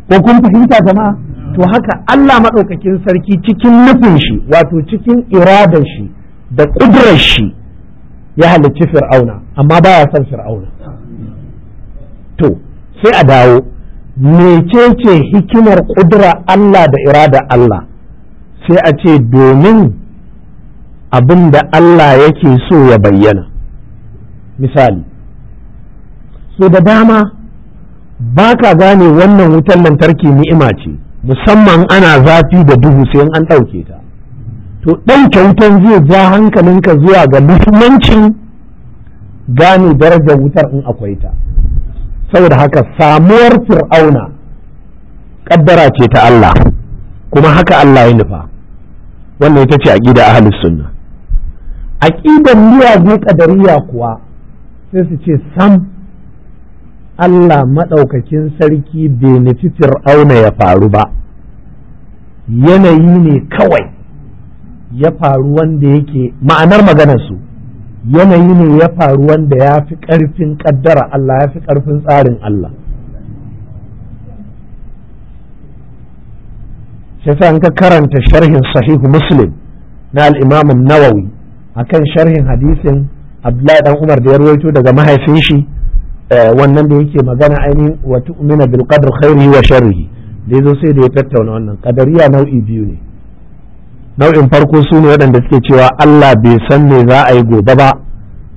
ko kun fahimta jama'a to haka Allah maɗaukakin sarki cikin nufin shi wato cikin iradar shi da ƙudurar shi ya halicci fir'auna amma ba ya son fir'auna to sai a dawo mecece hikimar kudura Allah da irada Allah sai a ce domin abin da Allah yake so ya bayyana misali so da dama ba ka gane wannan wutan lantarki ni'ima ce musamman ana zafi da duhu sai an ɗauke ta to ɗan kyautan zai ja hankalinka zuwa ga muhimmancin gane darajar wutar in akwai ta saboda haka samuwar fir'auna ƙaddara ce ta Allah kuma haka Allah ya nufa wannan ita ce aƙida ahlus sunna aƙidar miyagun ƙadariya kuwa sai su ce sam Allah maɗaukakin sarki bai nufi fir'auna ya faru ba yanayi ne kawai ya faru wanda yake ma'anar maganar su yanayi ne ya faru wanda ya fi ƙarfin ƙaddara Allah ya fi ƙarfin tsarin Allah sai an ka karanta sharhin sahihu muslim na al-imam nawawi akan sharhin hadisin abdullahi dan umar da ya rawaito daga mahaifin shi eh, wannan da yake magana ainihin wa tu'mina bil qadr khairihi wa sharrihi da zo sai da ya tattauna wannan qadariya nau'i biyu ne nau'in farko su ne waɗanda suke cewa Allah bai san me za a yi gobe ba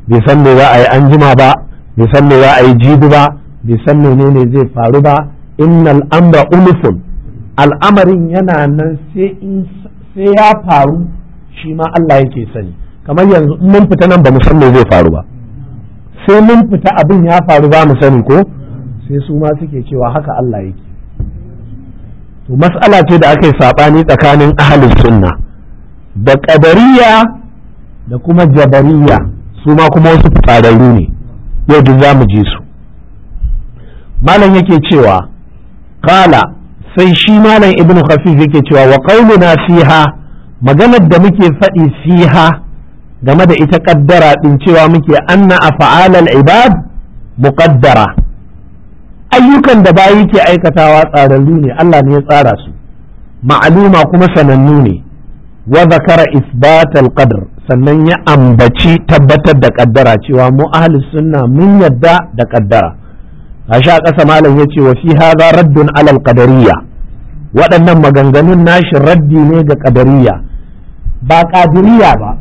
bai san me za a yi anjima ba bai san me za a yi jibi ba bai san menene zai faru ba innal amra ulufun al'amarin yana nan sai sai ya faru shi ma Allah yake sani kamar yanzu mun fita nan ba mu san me zai faru ba sai mun fita abin ya faru ba mu sani ko sai su ma suke cewa haka Allah yake to mas'ala ce da aka yi saɓani tsakanin ahalin sunna da ƙadariya da kuma jabariya su ma kuma wasu fitararru ne yau duk za mu ji su malam yake cewa kala sai shi malam ibn khafi yake cewa wa qauluna fiha maganar da muke faɗi fiha game da ita ƙaddara ɗin cewa muke anna af'alal ibad muqaddara ayyukan da bayi ke aikatawa tsararru ne Allah ne ya tsara su ma'aluma kuma sanannu ne wa zakara isbatal qadr sannan ya ambaci tabbatar da kaddara cewa mu ahli sunna mun yadda da kaddara a sha ƙasa malam ya ce wa fi hadha raddun alal qadariyya waɗannan maganganun nashi raddi ne ga qadariyya ba qadiriyya ba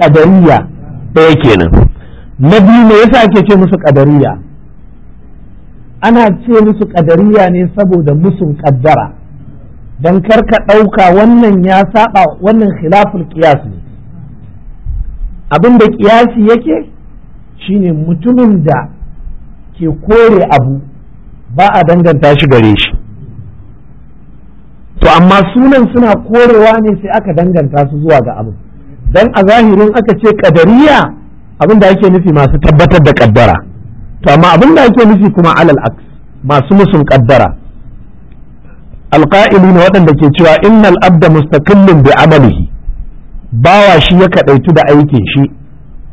qadariyya kenan na biyu me yasa ake ce musu qadariyya ana ce musu qadariyya ne saboda musun kaddara don karka ɗauka wannan ya saba wannan khilaful qiyas ne abin da qiyasi yake shine mutumin da ke kore abu ba a danganta shi gare shi to amma sunan suna korewa ne sai aka danganta su zuwa ga abu don a zahirin aka ce kadariya abin da ake nufi masu tabbatar da kaddara to amma abin da ake nufi kuma alal aks masu musun kaddara alqa'ili ne waɗanda ke cewa innal abda mustaqillun bi amalihi bawa shi ya kaɗaitu da aikin shi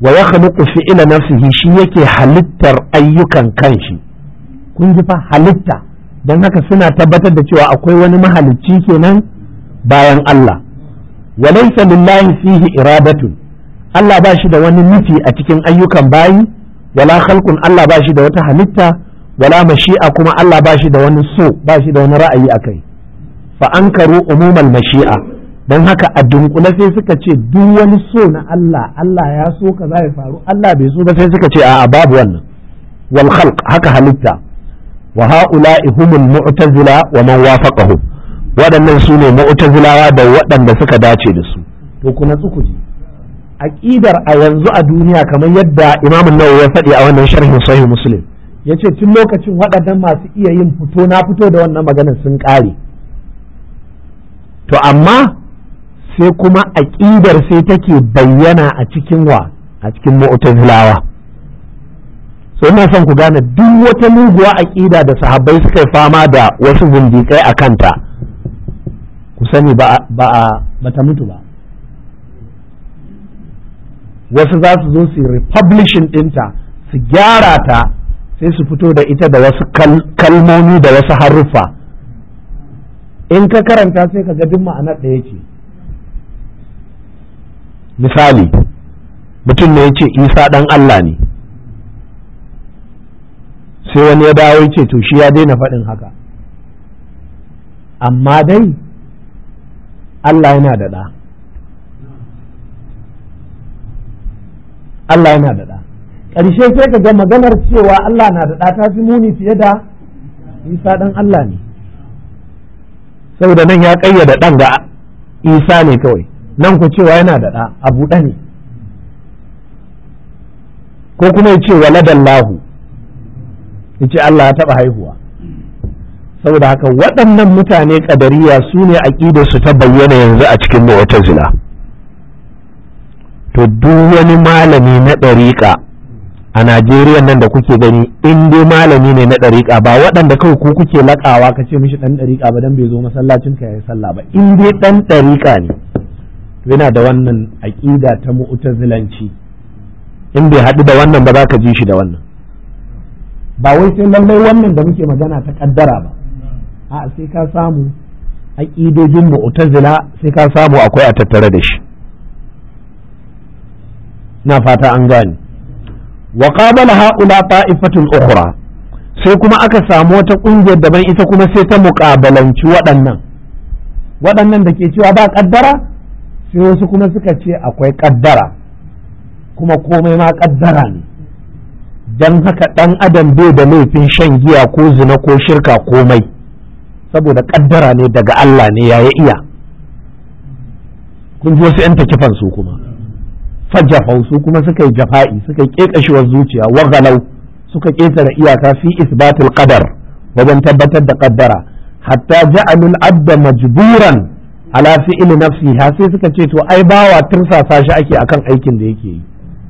wa ya khaliqu fi'ila nafsihi shi yake halittar ayyukan kanshi kun ji fa halitta don haka suna tabbatar da cewa akwai wani mahalicci kenan bayan Allah wa lillahi fihi iradatun Allah ba shi da wani nufi a cikin ayyukan bayi wala khalqun Allah ba shi da wata halitta wala mashi'a kuma Allah ba shi da wani so ba shi da wani ra'ayi a kai fa ankaru umumal mashi'a Don haka a dunkule sai suka ce duk wani so na Allah Allah ya so ka ya faru Allah bai so ba sai suka ce a babu wannan wal khalq haka halitta wa ha'ula'i humul mu'tazila wa man wafaqahum waɗannan su ne mu'tazilawa da waɗanda suka dace da su to ku natsu ji aqidar a yanzu a duniya kamar yadda Imam Nawawi ya faɗi a wannan sharhin Sahih Muslim ya ce tun lokacin waɗannan masu iya yin fito na fito da wannan maganar sun ƙare to amma sai kuma aƙidar sai take bayyana a cikin wa a cikin mu'tazilawa so ina son ku gane duk wata muguwa aƙida da sahabbai suka fama da wasu bindikai a kanta ku sani ba a ta mutu ba wasu za su zo su yi republishing ɗinta su gyara ta sai su fito da ita da wasu kalmomi da wasu haruffa in ka karanta sai ka ga duk ma'anar da yake misali mutum ne ya ce isa ɗan Allah ne sai wani ya dawo ya ce to shi ya daina faɗin haka amma dai Allah yana da ɗa Allah yana da ƙarshe sai ka ga maganar cewa Allah na da ɗata fi muni fiye da isa ɗan Allah ne saboda nan ya ƙayyada ɗan ga isa ne kawai nan ku cewa yana da ɗa abu ɗa ne ko kuma ya ce waladan lahu ya ce Allah ya taɓa haihuwa saboda haka waɗannan mutane ƙadariya su ne a su ta bayyana yanzu a cikin mu'tazila to duk wani malami na ɗariƙa a Najeriya nan da kuke gani in dai malami ne na ɗariƙa ba waɗanda kawai ku kuke laƙawa ka ce mishi ɗan ɗariƙa ba dan bai zo masallacin ka yayi sallah ba in dai ɗan ɗariƙa ne To yana da wannan aƙida ta mu'tazilanci in bai haɗu da wannan ba za ka ji shi da wannan ba wai sai lallai wannan da muke magana ta kaddara ba a sai ka samu aƙidojin mu'tazila sai ka samu akwai a tattare da shi na fata an gane wa qabala haula ta'ifatun sai kuma aka samu wata kungiyar daban ita kuma sai ta muƙabalanci waɗannan waɗannan da ke cewa ba ƙaddara sai wasu kuma suka ce akwai ƙaddara kuma komai ma ƙaddara ne don haka ɗan adam bai da laifin shan giya ko zina ko shirka komai saboda ƙaddara ne daga Allah ne ya iya kun ji wasu 'yan takifan su kuma fajjafau su kuma suka yi jafa'i suka yi kekashewar zuciya wagalau suka ƙetare iyaka fi isbatul qadar wajen tabbatar da qaddara hatta ja'alul abda majburan ala fi'l ha sai suka ce to ai bawa tursasa shi ake akan aikin da yake yi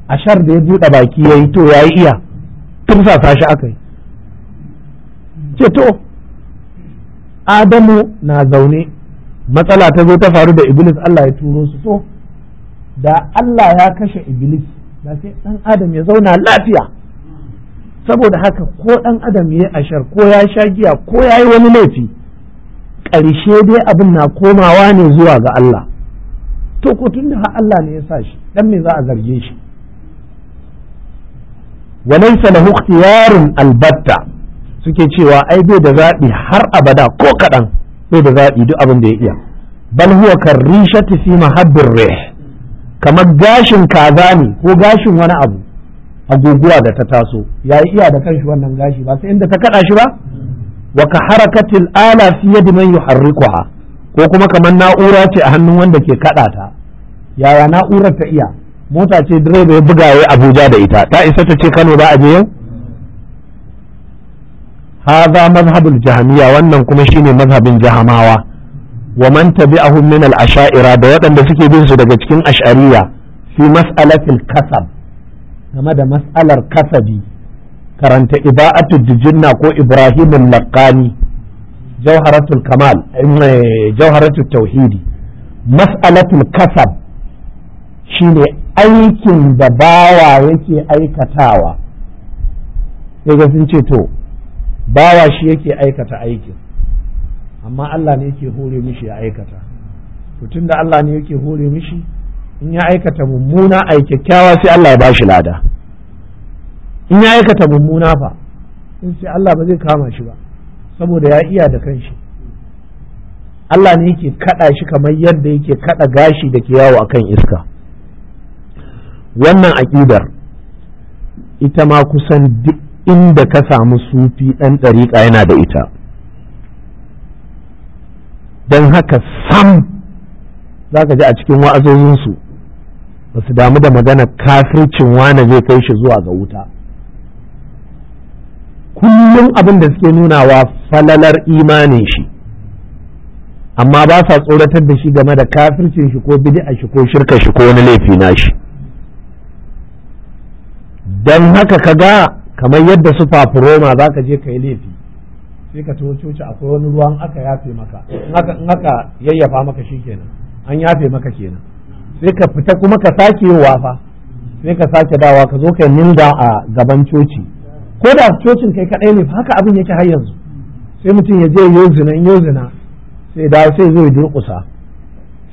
a shar da ya buɗe baki yayi to yayi iya tursasa shi akai ce to adamu na zaune matsala ta zo ta faru da iblis Allah ya turo su so da Allah ya kashe iblis da sai ɗan adam ya zauna lafiya saboda haka ko ɗan adam ya yi ashar ko ya sha giya ko ya yi wani laifi ƙarshe dai abin na komawa ne zuwa ga Allah to ko tun da Allah ne ya sa shi dan me za a zarge shi walaysa lahu ikhtiyarun albatta suke cewa ai bai da zabi har abada ko kaɗan bai da zabi duk abin da ya iya bal huwa karrishati fi mahabbir rih kamar gashin kaza ne ko gashin wani abu a guguwa da ta taso ya yi iya da kanshi wannan gashi ba sai inda ta kada shi ba wa ka harakatil ala fi yadi man yuharrikuha ko kuma kamar na'ura ce a hannun wanda ke kada ta yaya na'urar ta iya mota ce direba ya buga ya Abuja da ita ta isa ta ce Kano ba a je yau hadha mazhabul jahamiya. wannan kuma shine mazhabin jahamawa wa man tabi'ahum min al-asha'ira da waɗanda suke bin su daga cikin ash'ariya fi mas'alatil kasab game da mas'alar kasabi karanta iba'atu dijinna ko ibrahimun laqani jawharatul kamal eh, jawharatul tauhidi mas'alatul kasab shine aikin da bawa yake aikatawa sai ga sun ce to bawa shi yake aikata aikin amma Allah ne yake hore mishi ya aikata to tunda Allah ne yake hore mishi in ya aikata mummuna a kyakkyawa sai Allah ya bashi lada in ya aikata mummuna fa in sai Allah ba zai kama shi ba saboda ya iya da kanshi Allah ne yake kada shi kamar yadda yake kada gashi da ke yawo akan iska wannan aƙidar ita ma kusan duk inda ka samu sufi ɗan ɗariƙa yana da ita don haka sam za ka ji a cikin wa'azozinsu ba su damu da magana kafircin wane zai kai shi zuwa ga wuta kullum abin da suke nunawa falalar imanin shi amma ba sa tsoratar da shi game da kafircin shi ko a shi ko shirka shi ko wani laifi na shi don haka ka ga kamar yadda su fafuroma za ka je ka yi laifi sai ka taho coci akwai wani ruwan aka yafe maka in aka yayyafa maka shikenan an yafe maka kenan sai ka fita kuma ka sake yin fa sai ka sake dawa ka zo ka ninda a gaban coci ko da cocin kai kadai ne haka abin yake har yanzu sai mutum ya je yozina yozina sai da sai zo ya durkusa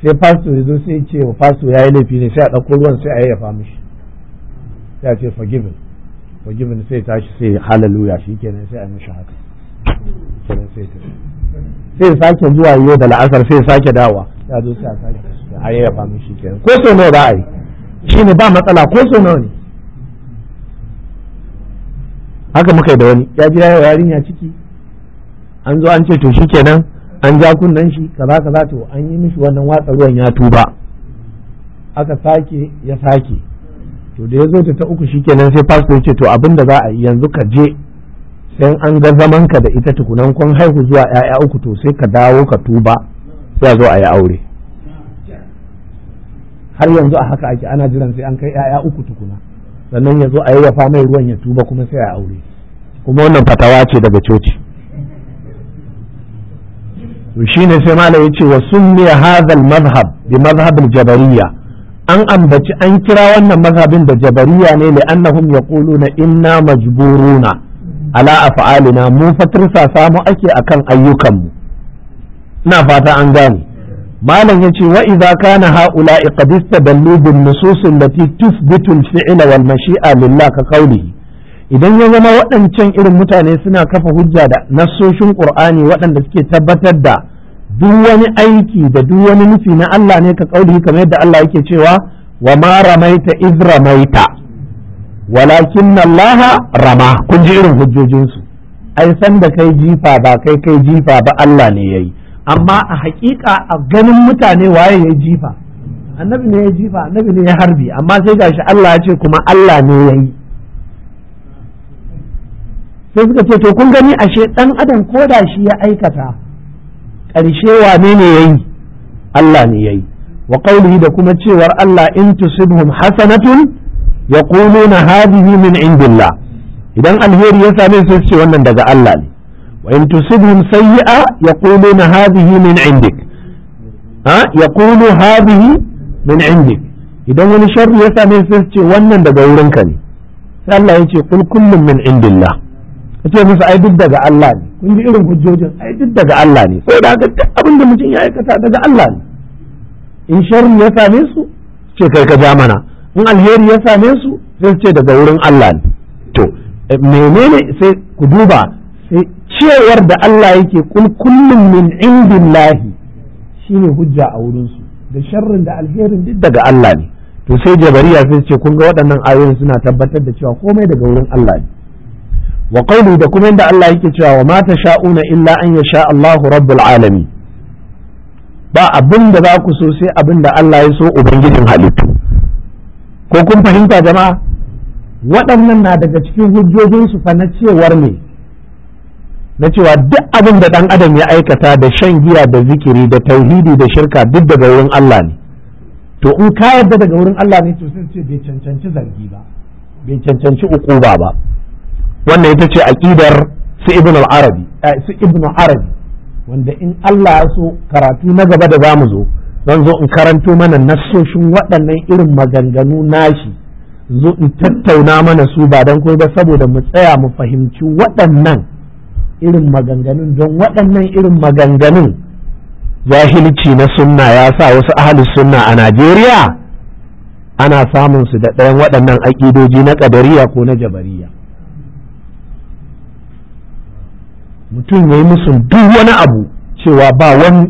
sai fasto ya zo sai ya ce wa fasto ya yi laifi ne sai a ɗauko ruwan sai a yayyafa mishi sai a ce forgiven forgiven sai tashi sai hallelujah shi kenan sai a mishi haka sai sake zuwa yau da la'asar sai sake dawa ya zo sai a sake a ya min shi kenan ko so nawa ba a yi shi ne ba matsala ko so nawa ne haka muka yi da wani ya ji yau yarinya ciki an zo an ce to shi kenan an ja kunnen shi kaza kaza to an yi mishi wannan watsa ruwan ya tuba aka sake ya sake to da ya zo ta uku shi kenan sai pastor ya ce to abin da za a yi yanzu ka je in an ga zaman ka da ita tukunan kun haihu zuwa ‘ya'ya uku to sai ka dawo ka tuba sai a zo a yi aure har yanzu a haka ake ana jiran sai an kai ‘ya'ya uku tukuna sannan ya zo a yi wafa mai ruwan ya tuba kuma sai a aure kuma wannan fatawa ce daga coci to shine sai malam yace wa sunniya hadha al-madhhab bi madhhab al-jabariyya an ambaci an kira wannan mazhabin da jabariya ne li annahum yaquluna inna majburuna ala af'alina mu fatirsa samu ake akan ayyukanmu ina fata an gane malam yace wa idza kana haula qad istadallu bin nusus allati tuthbitu al-fi'la wal mashi'a lillah ka qawlihi idan ya zama waɗancan irin mutane suna kafa hujja da nassoshin qur'ani waɗanda suke tabbatar da duk wani aiki da duk wani nufi na Allah ne ka qawlihi kamar yadda Allah yake cewa wa ma ramaita iz ramaita walakin Allah rama kun ji irin hujjojinsu ai san da kai jifa ba kai kai jifa ba Allah ne yayi amma a hakika a ganin mutane waye yayi jifa annabi ne ya jifa annabi ne ya harbi amma sai gashi Allah ya ce kuma Allah ne yayi sai suka ce to kun gani ashe dan adam ko da shi ya aikata ƙarshe wane ne yayi Allah ne yayi wa da kuma cewar Allah in tusibhum hasanatun yaquluna hadhihi min indillah idan alheri ya same su ce wannan daga Allah ne wa in tusibhum sayyi'a yaquluna hadhihi min indik ha yaqulu hadhihi min indik idan wani sharri ya same su ce wannan daga wurinka ne sai Allah ya ce kul kullum min indillah kace musu ai duk daga Allah ne kun ji irin hujjojin ai duk daga Allah ne sai da haka duk abin da mutum ya aikata daga Allah ne in sharri ya same su ce kai ka ja in alheri ya same su sai ce daga wurin Allah ne to eh, menene sai ku duba sai cewar da Allah yake kul kullum min indillahi shine hujja a wurin su da sharrin da alherin duk daga Allah ne to sai jabariya sai ce kun ga waɗannan ayoyin suna tabbatar da cewa komai daga wurin Allah ne wa qawlu da kuma inda Allah yake cewa wa mata sha'una illa an yasha Allahu rabbul alamin ba abinda da za ku so sai abin da Allah ya so ubangijin halittu ko kun fahimta jama'a waɗannan na daga cikin hujjojinsu fa na cewar ne na cewa duk abin da ɗan adam ya aikata da shan giya da zikiri da tauhidi da shirka duk daga wurin Allah ne to in ka yarda daga wurin Allah ne to sai ce bai cancanci zargi ba bai cancanci ukuba ba wannan ita ce aqidar su ibn al-arabi eh, su ibn arabi wanda in Allah ya so karatu na gaba da zamu zo zan zo in karanto mana nassoshin waɗannan irin maganganu nashi zo in tattauna mana su ba don kuma ba saboda mu tsaya mu fahimci waɗannan irin maganganun don waɗannan irin maganganun jahilci na sunna ya sa wasu ahalus sunna a Najeriya ana samun su da ɗayan waɗannan aƙidoji na ƙadariya ko na jabariya mutum ya yi musu duk wani abu cewa ba wani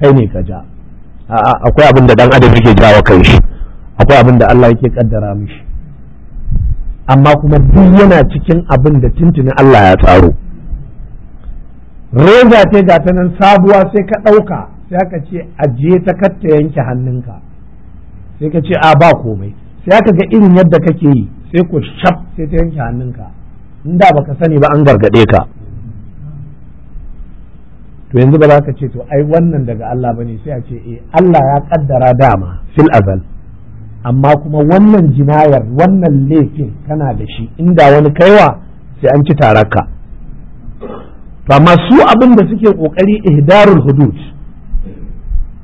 kai ne ka ja A'a, akwai abin da dan adam yake jawo kai shi akwai abin da Allah yake kaddara mishi amma kuma duk yana cikin abin da tuntuni Allah ya tsaro reza ce ga ta nan sabuwa sai ka ɗauka sai aka ce ajiye ta katta yanke hannunka sai ka ce a ba komai sai aka ga irin yadda kake yi sai ku shaf sai ta yanke hannunka in da baka sani ba an gargade ka to yanzu ba za ka ce to ai wannan daga Allah bane sai a ce eh Allah ya kaddara dama fil azal amma kuma wannan jinayar wannan laifin kana da shi inda wani kaiwa sai an ci taraka to amma su abin da suke kokari ihdarul hudud